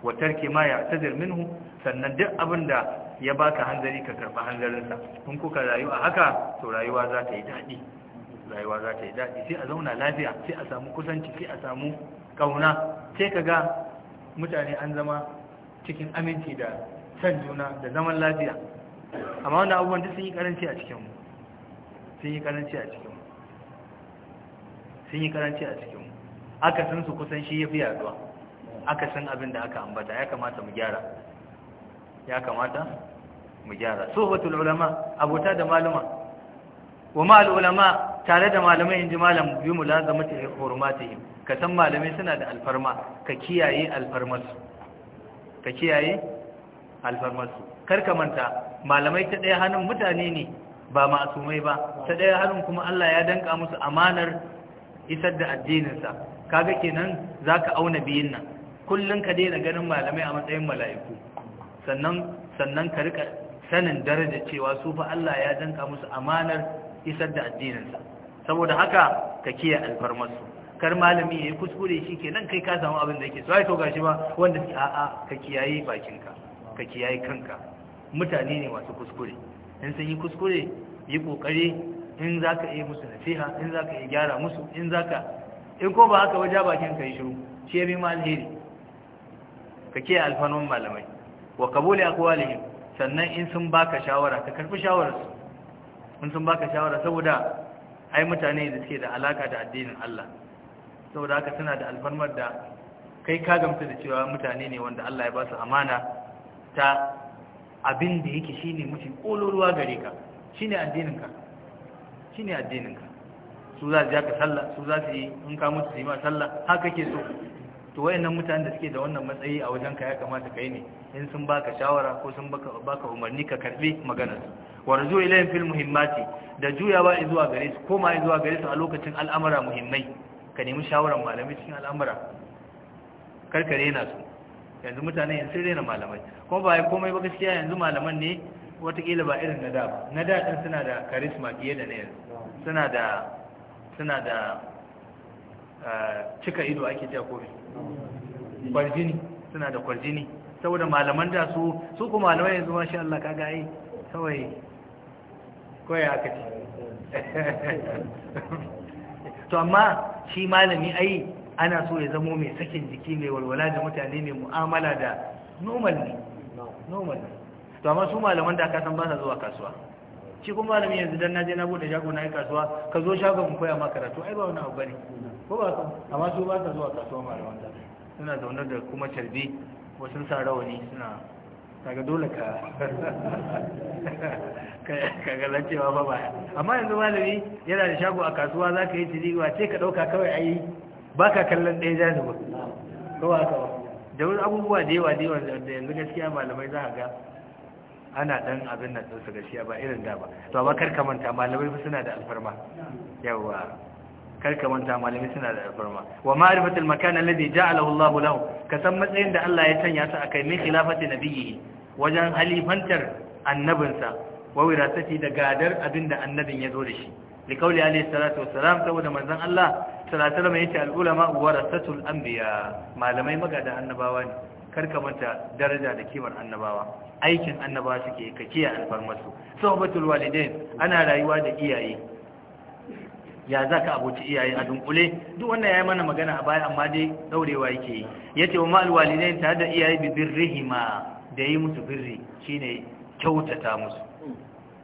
wa tarki ma ya tazir minhu sannan duk abin da ya baka hanzari ka karba hanzarinsa in kuka rayu a haka to rayuwa za ta yi daɗi rayuwa za ta yi daɗi sai a zauna lafiya sai a samu kusanci sai a samu ƙauna sai ka ga mutane an zama cikin aminci da san juna da zaman lafiya amma wanda abubuwan duk sun yi karanci a cikinmu sun yi karanci a cikinmu sun yi karanci a cikinmu aka san su kusan shi ya fi yaduwa aka san abin da aka ambata ya kamata mu gyara ya kamata mu gyara sohbatul ulama abota da maluma wa ma'al ulama tare da malamai inji malam bi mulazamati hurmatihim ka san malamai suna da alfarma ka kiyaye alfarmarsu ka kiyaye alfarmarsu kar ka manta malamai ta ɗaya hannun mutane ne ba masumai ba ta ɗaya hannun kuma Allah ya danka musu amanar isar da addininsa kaga kenan za ka auna biyun nan kullum ka daina ganin malamai a matsayin mala'iku sannan sannan ka rika sanin daraja cewa su fa Allah ya danka musu amanar isar da addininsa saboda haka ka kiyaye alfarmarsu kar malami ya yi kuskure shi kenan kai ka samu abin da yake so ai to gashi ba wanda a'a ka kiyaye bakinka ka kiyaye kanka mutane ne masu kuskure in sun yi kuskure yi kokare in za ka iya musu nasiha in za ka iya gyara musu in za ka in ko ba haka waje bakin kai shiru shi ya bi ma alheri ka ke alfanon malamai wa kabuli aqwalihim sannan in sun baka shawara ka karfi shawararsu in sun baka shawara saboda ai mutane da suke da alaka da addinin Allah saboda haka suna da alfarmar da kai ka gamsu da cewa mutane ne wanda Allah ya ba su amana ta abin da yake shine mutum kololuwa gare ka shine ka shine ka. su za su ja ka sallah su za su yi in ka mutu su yi ma sallah haka ke so to wayannan mutanen da suke da wannan matsayi a wajen ka ya kamata kai ne in sun baka shawara ko sun baka baka umarni ka karbi magana su wa ruju ilayhim fil muhimmati da juyawa zuwa gare su koma zuwa gare su a lokacin al'amara muhimmai ka nemi shawaran malamai cikin al'amara. kar ka rena su yanzu mutane yanzu sun rena malamai kuma ba ya komai ba gaskiya yanzu malaman ne watakila ba irin na da na da din suna da charisma fiye da na yanzu suna da suna da eh, cika ido ake cewa kome kwarjini suna da kwarjini saboda malaman da su su kuma malamai yanzu mashi Allah kaga yi, kawai kawai aka ce to amma shi malami ai ana so ya zamo mai sakin jiki mai walwala da mutane mai mu'amala da normal ne normal to amma su malaman da aka san ba sa zuwa kasuwa shi kuma malami yanzu dan naje na bude shago na yi kasuwa ka zo shagon mu koya maka karatu ai ba wani abu bane ko ba su. amma su ba ka zuwa kasuwa malaman ta suna zaune da kuma carbi wasu sa rawani suna kaga dole ka ka ga cewa ba ba amma yanzu malami yana da shago a kasuwa za ka yi wa ce ka ɗauka kawai ayi ba ka kallon ɗaya janibin kawai kawai da wani abubuwa da yawa da yawa da yanzu gaskiya malamai za a ga ana dan abin nan ɗinsu gaskiya ba irin da ba to amma karka manta malamai fa suna da alfarma yawa karka manta malamai suna da alfarma wa ma'rifatul makan alladhi ja'alahu Allahu lahu ka san matsayin da Allah ya sanya su akai min khilafati nabiyhi wajen halifantar annabinsa wa wirasati da gadar abin da annabin ya zo da shi li kauli alayhi salatu wassalam saboda manzon Allah sallallahu alaihi wasallam yace al ulama warasatul anbiya malamai magada annabawa ne karka manta daraja da kimar annabawa aikin annabawa suke ka kiyaye alfarmarsu sohbatul walidain ana rayuwa da iyaye ya za ka abuci iyaye a dunkule duk wannan ya yi mana magana a baya amma dai daurewa yake yi ya ce wa ma'al walidain tare da iyaye bi birrihima da yi musu birri shine kyautata musu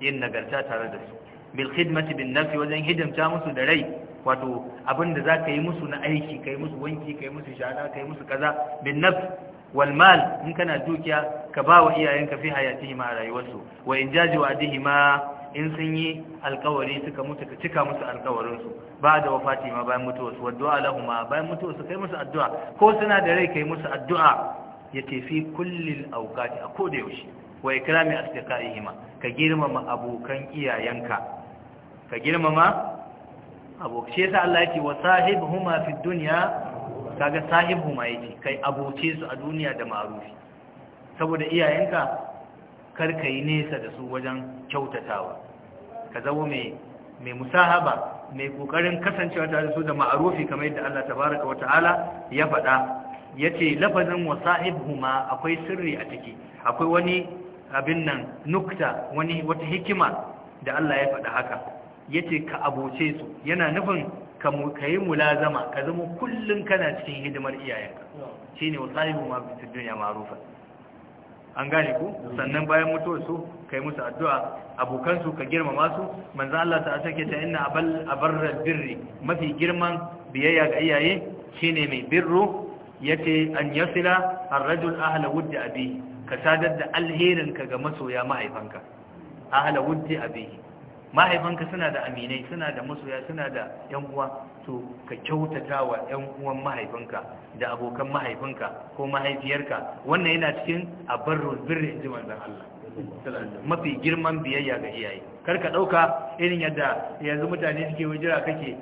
yin nagarta tare da su bil khidmati bin nafsi wajen hidimta musu da rai wato abin da za ka yi musu na aiki ka yi musu wanki ka yi musu shana ka yi musu kaza bin nafsi wal mal in kana dukiya ka ba wa iyayenka fi hayatihi ma rayuwarsu wa in jaji wa'dihi ma in sun yi alkawari suka mutu ka cika musu alkawarinsu ba da wafati ma bayan mutuwarsu wadda lahuma bayan su kai musu addu'a ko suna da rai kai musu addu'a ya tafi kullil aukati a da yaushe wa ikrami asdiqaihima ka girmama abokan iyayenka ka girmama abokan abokai yasa Allah yake wa sahibhuma fid dunya kaga sahibu ma yake kai abuce su a duniya da ma'arufi saboda iyayenka kar ka yi nesa da su wajen kyautatawa ka zama mai mai musahaba mai kokarin kasancewa ta da su da ma'arufi kamar yadda Allah tabaraka wa ta'ala ya faɗa yace lafazin wa ma akwai sirri a ciki akwai wani abin nan nukta wani wata hikima da Allah ya faɗa haka yace ka abuce su yana nufin ka yi mulazama ka zama kullum kana cikin hidimar iyayenka shi ne wasu ma bitin duniya marufa an gane ku sannan bayan mutuwar su ka yi musu addu'a abokansu ka girmama su manzan Allah ta asake ta ina abarrar birri mafi girman biyayya ga iyaye shi ne mai birro ya ce an yasila an rajul ahala wudda abi ka sadar da alherinka ga masoya mahaifanka ahala wudda abi mahaifanka suna da aminai suna da masoya suna da yan uwa to ka kyautata wa yan uwan mahaifinka da abokan mahaifinka ko mahaifiyarka wannan yana cikin abar rubin inji manzon Allah mafi girman biyayya ga iyaye kar ka dauka irin yadda yanzu mutane suke wajira kake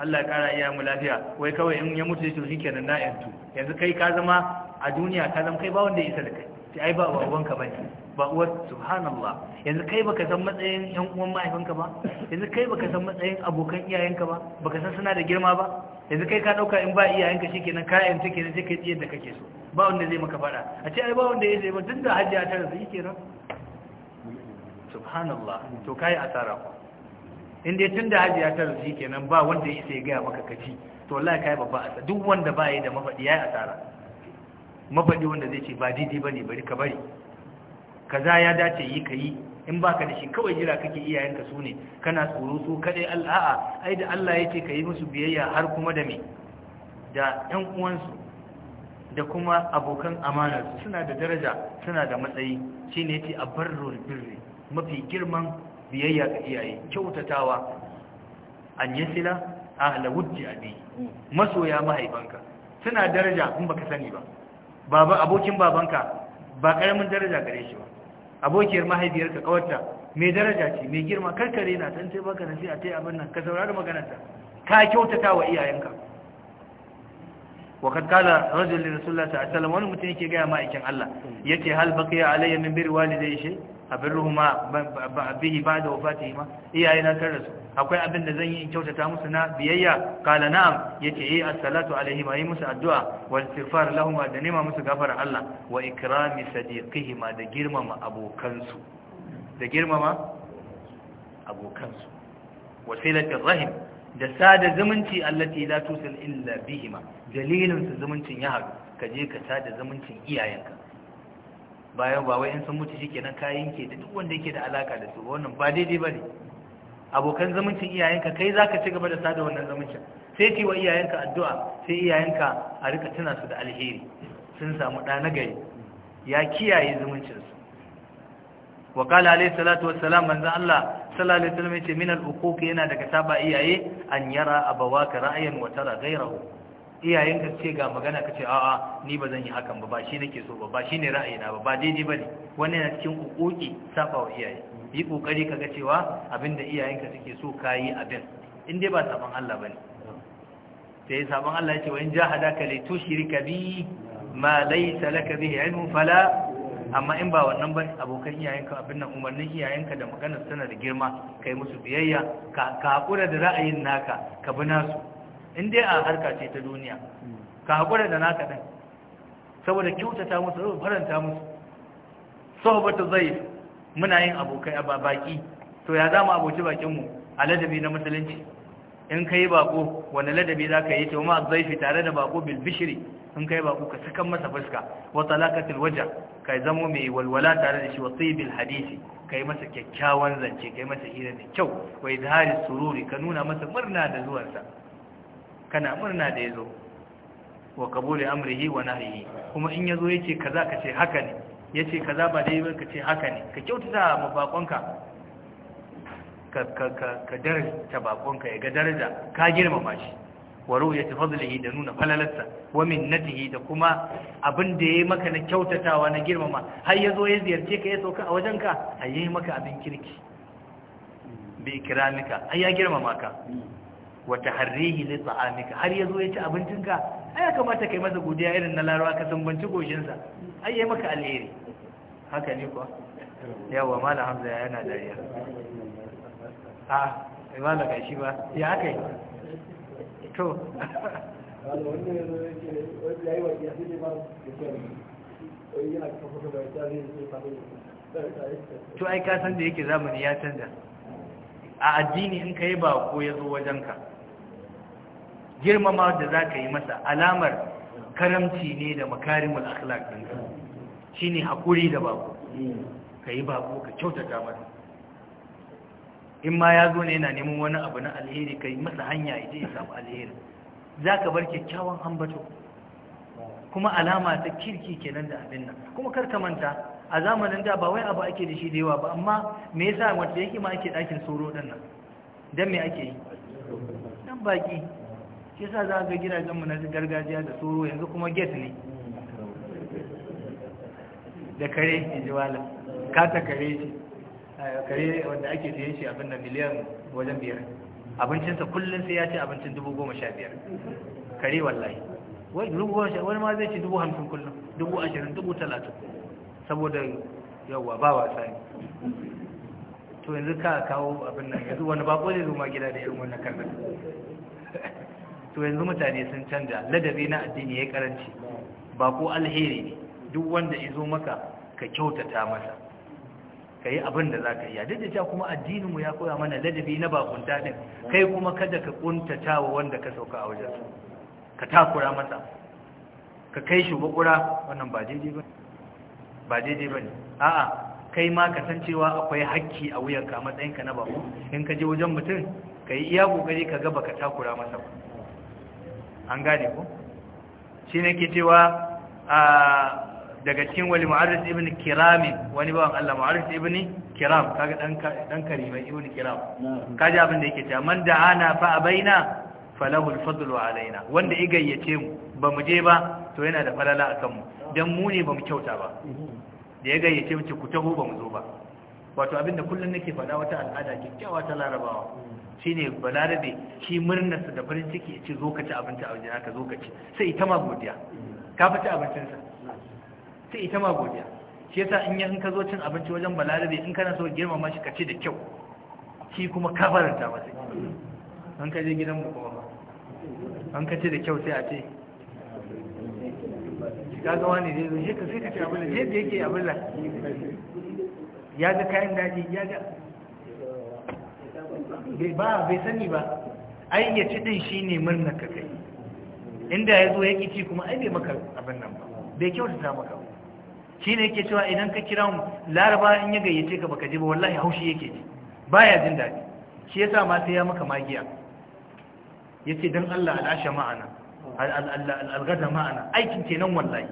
Allah ya kara iya mu lafiya wai kawai in ya mutu to nan na yanzu yanzu kai ka zama a duniya ka zama kai ba wanda ya isa da kai sai ai ba uwanka bane ba uwa subhanallah yanzu kai baka san matsayin yan uwan mahaifinka ba yanzu kai baka san matsayin abokan iyayenka ba baka san suna da girma ba yanzu kai ka dauka in ba iyayenka shikenan kayan take ne sai kai tsiyar da kake so ba wanda zai maka fada a ce ai ba wanda ya zai ba duk da hajji ta rasu kenan, subhanallah to kai asara ko in dai tun da hajji ta rasu kenan, ba wanda ya sai ya ga maka kaci to wallahi kai babba asara duk wanda ba yi da mafadi yayi asara mafadi wanda zai ce ba daidai bane bari ka bari kaza ya dace yi ka yi in baka da shi kawai jira kake iyayenka su ne kana tsoro su kadai al'a'a ai da Allah ya ce ka yi musu biyayya har kuma da me da ƴan uwansu da kuma abokan amanarsu suna da daraja suna da matsayi shine yace abarrul birri mafi girman biyayya ga iyaye kyautatawa an yasila ahla wujji abi masoya mahaifanka suna daraja in baka sani ba baba abokin babanka ba karamin daraja gare shi ba abokiyar mahaifiyarka kawarta mai daraja ce mai girma karkare na san sai baka a tai abin nan ka saurari maganarta ka kyautata wa iyayenka wakar kala رجل لرسول الله wani mutum yake gaya ma'aikin Allah yace hal ya alayya min bir zai shay abiruhuma bihi yi ma. iyaye na tare su akwai abin da zan yi kyautata musu na biyayya kala na'am yake yi eh, as-salatu alaihima yi musu addu'a wal istighfar lahum da nema musu gafara Allah wa ikrami sadiqihima da girmama abokansu da girmama abokansu rahim da sada zumunci allati la tusil illa bihima dalilin zumuncin ya haɗu ka je ka sada zumuncin iyayenka bayan ba wai in sun mutu shikenan kayan ke da duk wanda yake da alaka da su wannan ba daidai bane abokan zumuncin iyayenka kai zaka ci gaba da sada wannan zumuncin sai ki wa iyayenka addu'a sai iyayenka a rika tuna su da alheri sun samu da na gari ya kiyaye zumuncin su wa qala alayhi salatu wassalam manzo Allah sallallahu alaihi wasallam yace min al-uquq yana daga saba iyaye an yara abawaka ra'ayan wa tara ghayrahu iyayenka ce ga magana ka ce a'a ni ba zan yi hakan ba ba shi nake so ba ba shi ne ra'ayina ba ba daidai ba ne wannan yana cikin kokoki saba wa iyaye yi ƙoƙari ka ga cewa abin da iyayenka suke so ka yi abin in dai ba saban Allah ba ne ta yi saban Allah ya ce wa in ja hadaka li bi ma laysa laka bihi ilmun fala amma in ba wannan ba abokan iyayenka abin nan umarnin iyayenka da maganar tana da girma kai musu biyayya ka hakura da ra'ayin naka ka bi nasu in dai a harka ce ta duniya ka haƙura da naka ɗan saboda kyautata musu saboda faranta musu sohbatu zai muna yin abokai a baki to ya zama aboki bakinmu a ladabi na musulunci in ka yi bako wani ladabi za ka yi ta ma zaifi tare da bako bilbishiri in kai yi bako ka sukan masa fuska wata lakatin wajen ka zamo mai walwala tare da shi wasu yi hadisi, ka yi masa kyakkyawan zance ka yi masa hira da kyau wai zahari sururi ka nuna masa murna da zuwansa kana murna da ya zo wa kabuli amrihi wa nahyihi kuma in ya ce kaza ka ce haka ne yace kaza ba dai ba ce haka ne ka kyautata ma bakonka ka ka ka bakonka ya ga daraja ka girmama shi wa ru'yati fadlihi da nuna falalarsa wa minnatihi da kuma abin da yayi maka na kyautatawa na girmama har yazo ya ziyarce ka ya sauka a wajen ka yi maka abin kirki bi ikramika ayya ya girmama ka wa harrihi li ta'amika har yazo ya ci abincinka ai kamata kai masa godiya irin na larawa ka sambanci goshin sa ai yayi maka alheri haka ne kuwa yawa malam hamza yana dariya a malam ga shi ba ya haka yi to to ai kasan da yake zamani ya canza a addini in ka yi ba ko ya zo wajenka girmama da za ka yi masa alamar karamci ne da makarimul akhlaq ɗinka shi ne haƙuri da bako ka yi bako ka kyautata masa in ma ya zo ne yana neman wani abu na alheri ka yi masa hanya ita ya samu alheri za ka bar kyakkyawan ambato kuma alama ta kirki kenan da abin nan kuma kar ka manta a zamanin da ba wai abu ake da shi da yawa ba amma me yasa wanda yake ma ake ɗakin tsoro ɗin nan don me ake yi dan baki shi yasa za ga gidajen mu na gargajiya da tsoro yanzu kuma gate ne da kare in ji wala kata kare kare wanda ake siyan shi abin da miliyan wajen biyar abincinsa kullum sai ya ce abincin dubu goma sha biyar kare wallahi wani ma zai ci dubu hamsin kullum dubu ashirin dubu talatin saboda yawa ba wasa ne to yanzu ka kawo abin nan yanzu wani bako zai zo ma gida da irin wannan karnar to yanzu mutane sun canja ladabi na addini ya karanci bako alheri ne duk wanda ya zo maka ka kyautata masa ka yi abin da za ka yi duk da cewa kuma addininmu ya koya mana ladabi na bakunta ɗin, kai kuma kada ka ƙuntata wa wanda ka sauka a wajen ka takura masa ka kai shi bakura wannan ba daidai ba ba daidai ba ne a'a kai ma kasancewa akwai hakki a wuyanka a matsayinka na bako in ka je wajen mutum ka yi iya kokari ka gaba ka takura masa ba an gane ko shi ne ke cewa daga cikin wani ma'arris ibn kirami wani bawan Allah ma'arris ibn kiram kaga dan mai ibn kiram kaji abin da yake cewa man ana fa na? falahu al-fadlu alaina wanda gayyace mu ba mu je ba to yana da falala a kanmu don mu ne ba mu kyauta ba da ya gayyace mace ku taho ba mu zo ba wato abinda kullum nake faɗa wata al'ada kyakkyawa ta larabawa shine balarabe shi murnarsa da farin ciki ya ce zo ka ci abinci a wajen haka zo ka ci sai ita ma godiya ka fi ci abincinsa sai ita ma godiya shi yasa in yi in ka zo cin abinci wajen balarabe in kana so girmama shi ka ci da kyau shi kuma ka faranta masa An ka je gidan mu kuma an ka ci da kyau sai a ce ka wani zai zo shi ka sai ka ce abin da yadda yake abin da ya ga kayan daji ya ga ba bai sani ba ai ya ci din shine murnar ka kai inda ya zo ya ki ci kuma ai bai maka abin nan ba bai kyautata maka ba shi ne yake cewa idan ka kira laraba in ya gayyace ka baka ji ba wallahi haushi yake ji baya jin daɗi shi yasa ma sai ya maka magiya yace dan Allah al'asha ma'ana algada ma'ana aikin kenan wallahi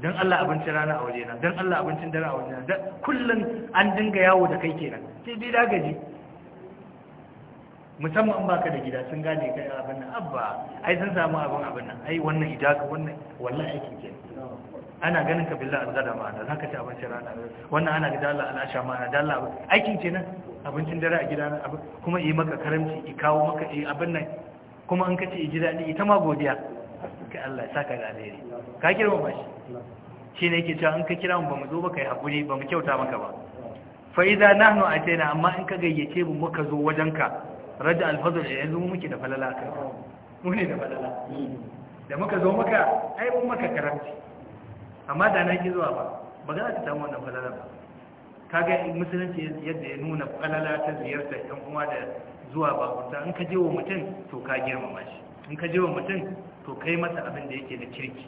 don Allah abincin rana a wajena don Allah abincin dare a wajena na kullum an dinga yawo da kai kenan sai dai da gaji musamman baka da gida sun gane kai abin nan abba ai sun samu abin abin nan ai wannan idaka wannan wallahi aikin kenan ana ganin ka billahi algada ma'ana ka ci abincin rana wannan ana gida Allah al'asha ma'ana da Allah aikin kenan abincin dare a gida kuma yi maka karamci i kawo maka abin nan kuma an kace ji daɗi ita ma godiya ka Allah ya saka da alheri ka ba shi shi ne yake cewa an ka kira mu ba mu zo ba kai hakuri ba mu kyauta maka ba fa idza nahnu atayna amma in ka gayyace mu muka zo wajenka radda alfadl yanzu mu muke da falala ka mu ne da falala da muka zo maka ai mun maka karamci amma da na ki zuwa ba ba za ta samu wannan falala ba kaga musulunci yadda ya nuna falala ta ziyarta yan uwa da zuwa bakunta in ka je wa mutum to ka girmama shi in ka je wa mutum to kai masa abin da yake da kirki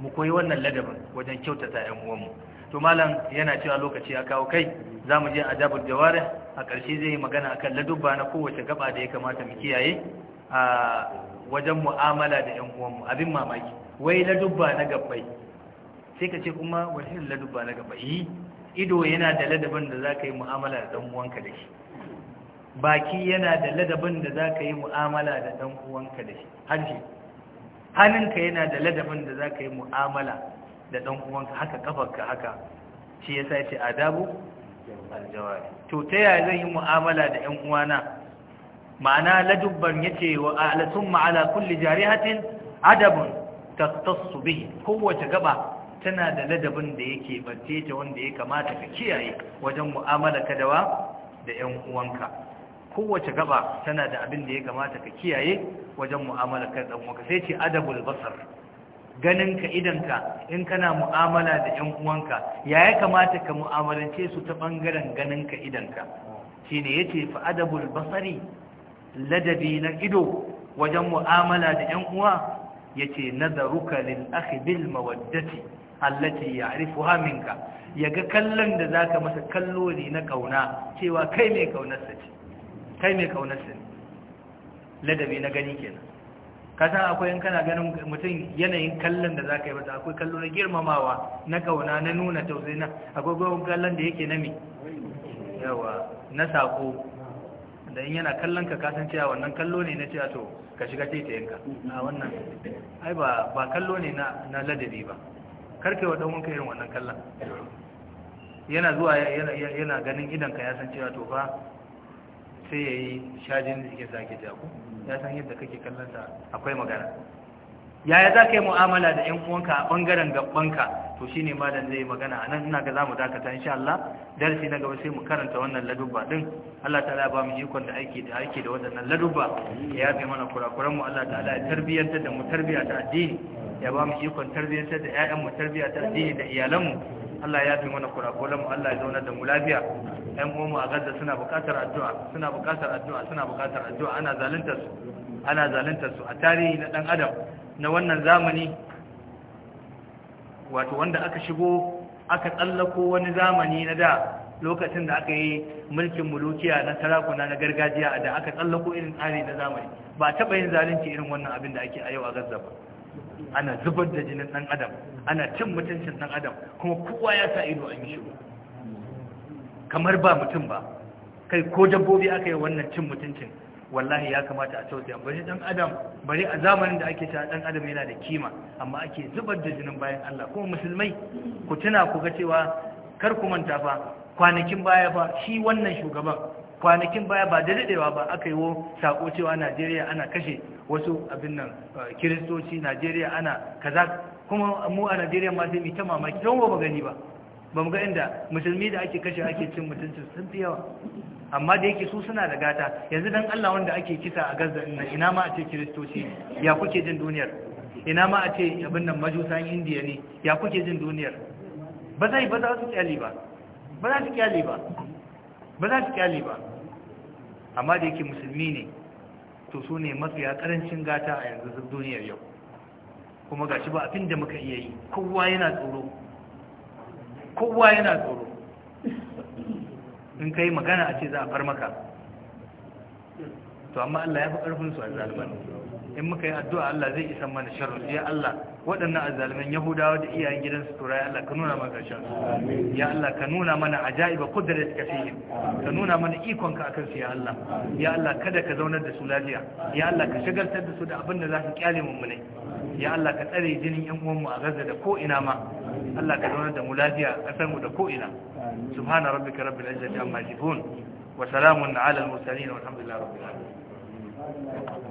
mu koyi wannan ladabin wajen kyautata ƴan uwanmu to malam yana cewa lokaci ya kawo kai za mu je adabul jawarih a ƙarshe zai yi magana akan ladubba na kowace gaba da ya kamata mu kiyaye a wajen mu'amala da ƴan uwanmu abin mamaki wai ladubba na gabbai sai ka ce kuma wani ladubba na gabbai ido yana da ladabin da za ka yi mu'amala da ɗan uwanka da shi baki yana da ladabin da za ka yi mu'amala da ɗan uwanka da shi harshe hannunka yana da ladabin da za ka yi mu'amala da ɗan uwanka haka kafarka haka shi ya sace, ce adabu aljawari to ta yaya zan yi mu'amala da ɗan uwana ma'ana ladubban ya ce wa alatun ma'ala kulli jarihatin adabun tasu bihi kowace gaba tana da ladabin da yake bace ta wanda ya kamata ka kiyaye wajen mu'amala ka dawa da ƴan uwanka kowace gaba tana da abin da ya kamata ka kiyaye wajen mu'amalar kai dan uwanka sai ce adabul basar ganinka idanka in kana mu'amala da yan uwanka ya ya kamata ka mu'amalance su ta bangaren ganinka idanka shine yace fa adabul basari ladabi na ido wajen mu'amala da yan uwa yace nadaruka lil akhi bil mawaddati allati ya'rifuha minka yaga kallon da zaka masa kallo ne na kauna cewa kai mai kaunarsa ce kai mai kaunarsa ne ladabi na gani kenan ka san akwai in kana ganin mutum yanayin kallon da za ka yi masa akwai kallo na girmamawa na kauna na nuna tausayi na akwai gwamnan kallon da yake na mi yawa na sako da in yana kallon ka kasan cewa wannan kallo ne na cewa to ka shiga taitayenka a wannan ai ba ba kallo ne na ladabi ba karke wa dan wanka irin wannan kallon yana zuwa yana ganin idan ka ya san cewa to fa sai ya yi shajin da ya zage jaku ya san yadda kake kallonsa akwai magana yaya za ka yi mu'amala da 'yan uwanka a ɓangaren gabanka to shi ne malam zai magana a nan ina ga za mu dakata insha Allah darasi na gaba sai mu karanta wannan ladubba din Allah ta ba mu ikon da aiki da aiki da waɗannan ladubba ya yafe mana kurakuran mu Allah ta'ala ya tarbiyyantar da mu tarbiyya ta addini ya ba mu ikon tarbiyyantar da ƴaƴan mu tarbiyya ta addini da iyalan mu Allah ya yafe mana kurakuran mu Allah ya zauna da mu lafiya ɗan uwanmu a gaza suna buƙatar addu'a suna buƙatar addu'a suna buƙatar addu'a ana zalunta su ana zalunta su a tarihi na ɗan adam na wannan zamani wato wanda aka shigo aka tsallako wani zamani na da lokacin da aka yi mulkin mulukiya na sarakuna na gargajiya da aka tsallako irin tsari na zamani ba taɓa yin zalunci irin wannan abin da ake a yau a gaza ba ana zubar da jinin ɗan adam ana cin mutuncin ɗan adam kuma kowa ya sa ido an yi shigo kamar ba mutum ba kai ko dabbobi aka yi wannan cin mutuncin wallahi ya kamata a tausaya bari dan adam bari a zamanin da ake cewa dan adam yana da kima amma ake zubar da jinin bayan Allah kuma musulmai ku tuna ku ga cewa kar ku manta fa kwanakin baya fa shi wannan shugaban kwanakin baya ba da dadewa ba aka yi wo sako cewa Najeriya ana kashe wasu abin nan eh, kiristoci Najeriya ana kaza kuma mu a Najeriya ma sai mu ta mamaki don ba gani ba ba mu ga inda musulmi da ake kashe ake cin mutuncin sun fi yawa amma da yake su suna da gata yanzu dan Allah wanda ake kisa a Gaza ina ina ma a ce kiristoci ya kuke jin duniyar ina ma a ce abin nan majusan indiya ne ya kuke jin duniyar ba zai ba za su kyale ba ba za su kyale ba ba za su kyale ba amma da yake musulmi ne to su ne mafiya karancin gata a yanzu duniyar yau kuma gashi ba abin da muka iya yi kowa yana tsoro kowa yana tsoro in ka yi magana a ce za a far maka to amma Allah ya fi ƙarfin su a zaliman in muka yi addu'a Allah zai isan mana sharru ya Allah waɗannan azzaliman yahudawa da iyayen gidansu turai Allah ka nuna mana ƙarshen ya Allah ka nuna mana ajaiba kudrat ka fihim ka nuna mana ikon ka akan su ya Allah ya Allah kada ka zaunar da su lafiya ya Allah ka shagaltar da su da abin da za ka kyale mummunai. ya Allah ka tsare jinin yan uwanmu a Gaza da ko ina ma Allah ka zauna da mu lafiya a kasar mu da ko ina subhana rabbika rabbil izzati amma yasifun wa salamun ala al mursalin walhamdulillahi rabbil alamin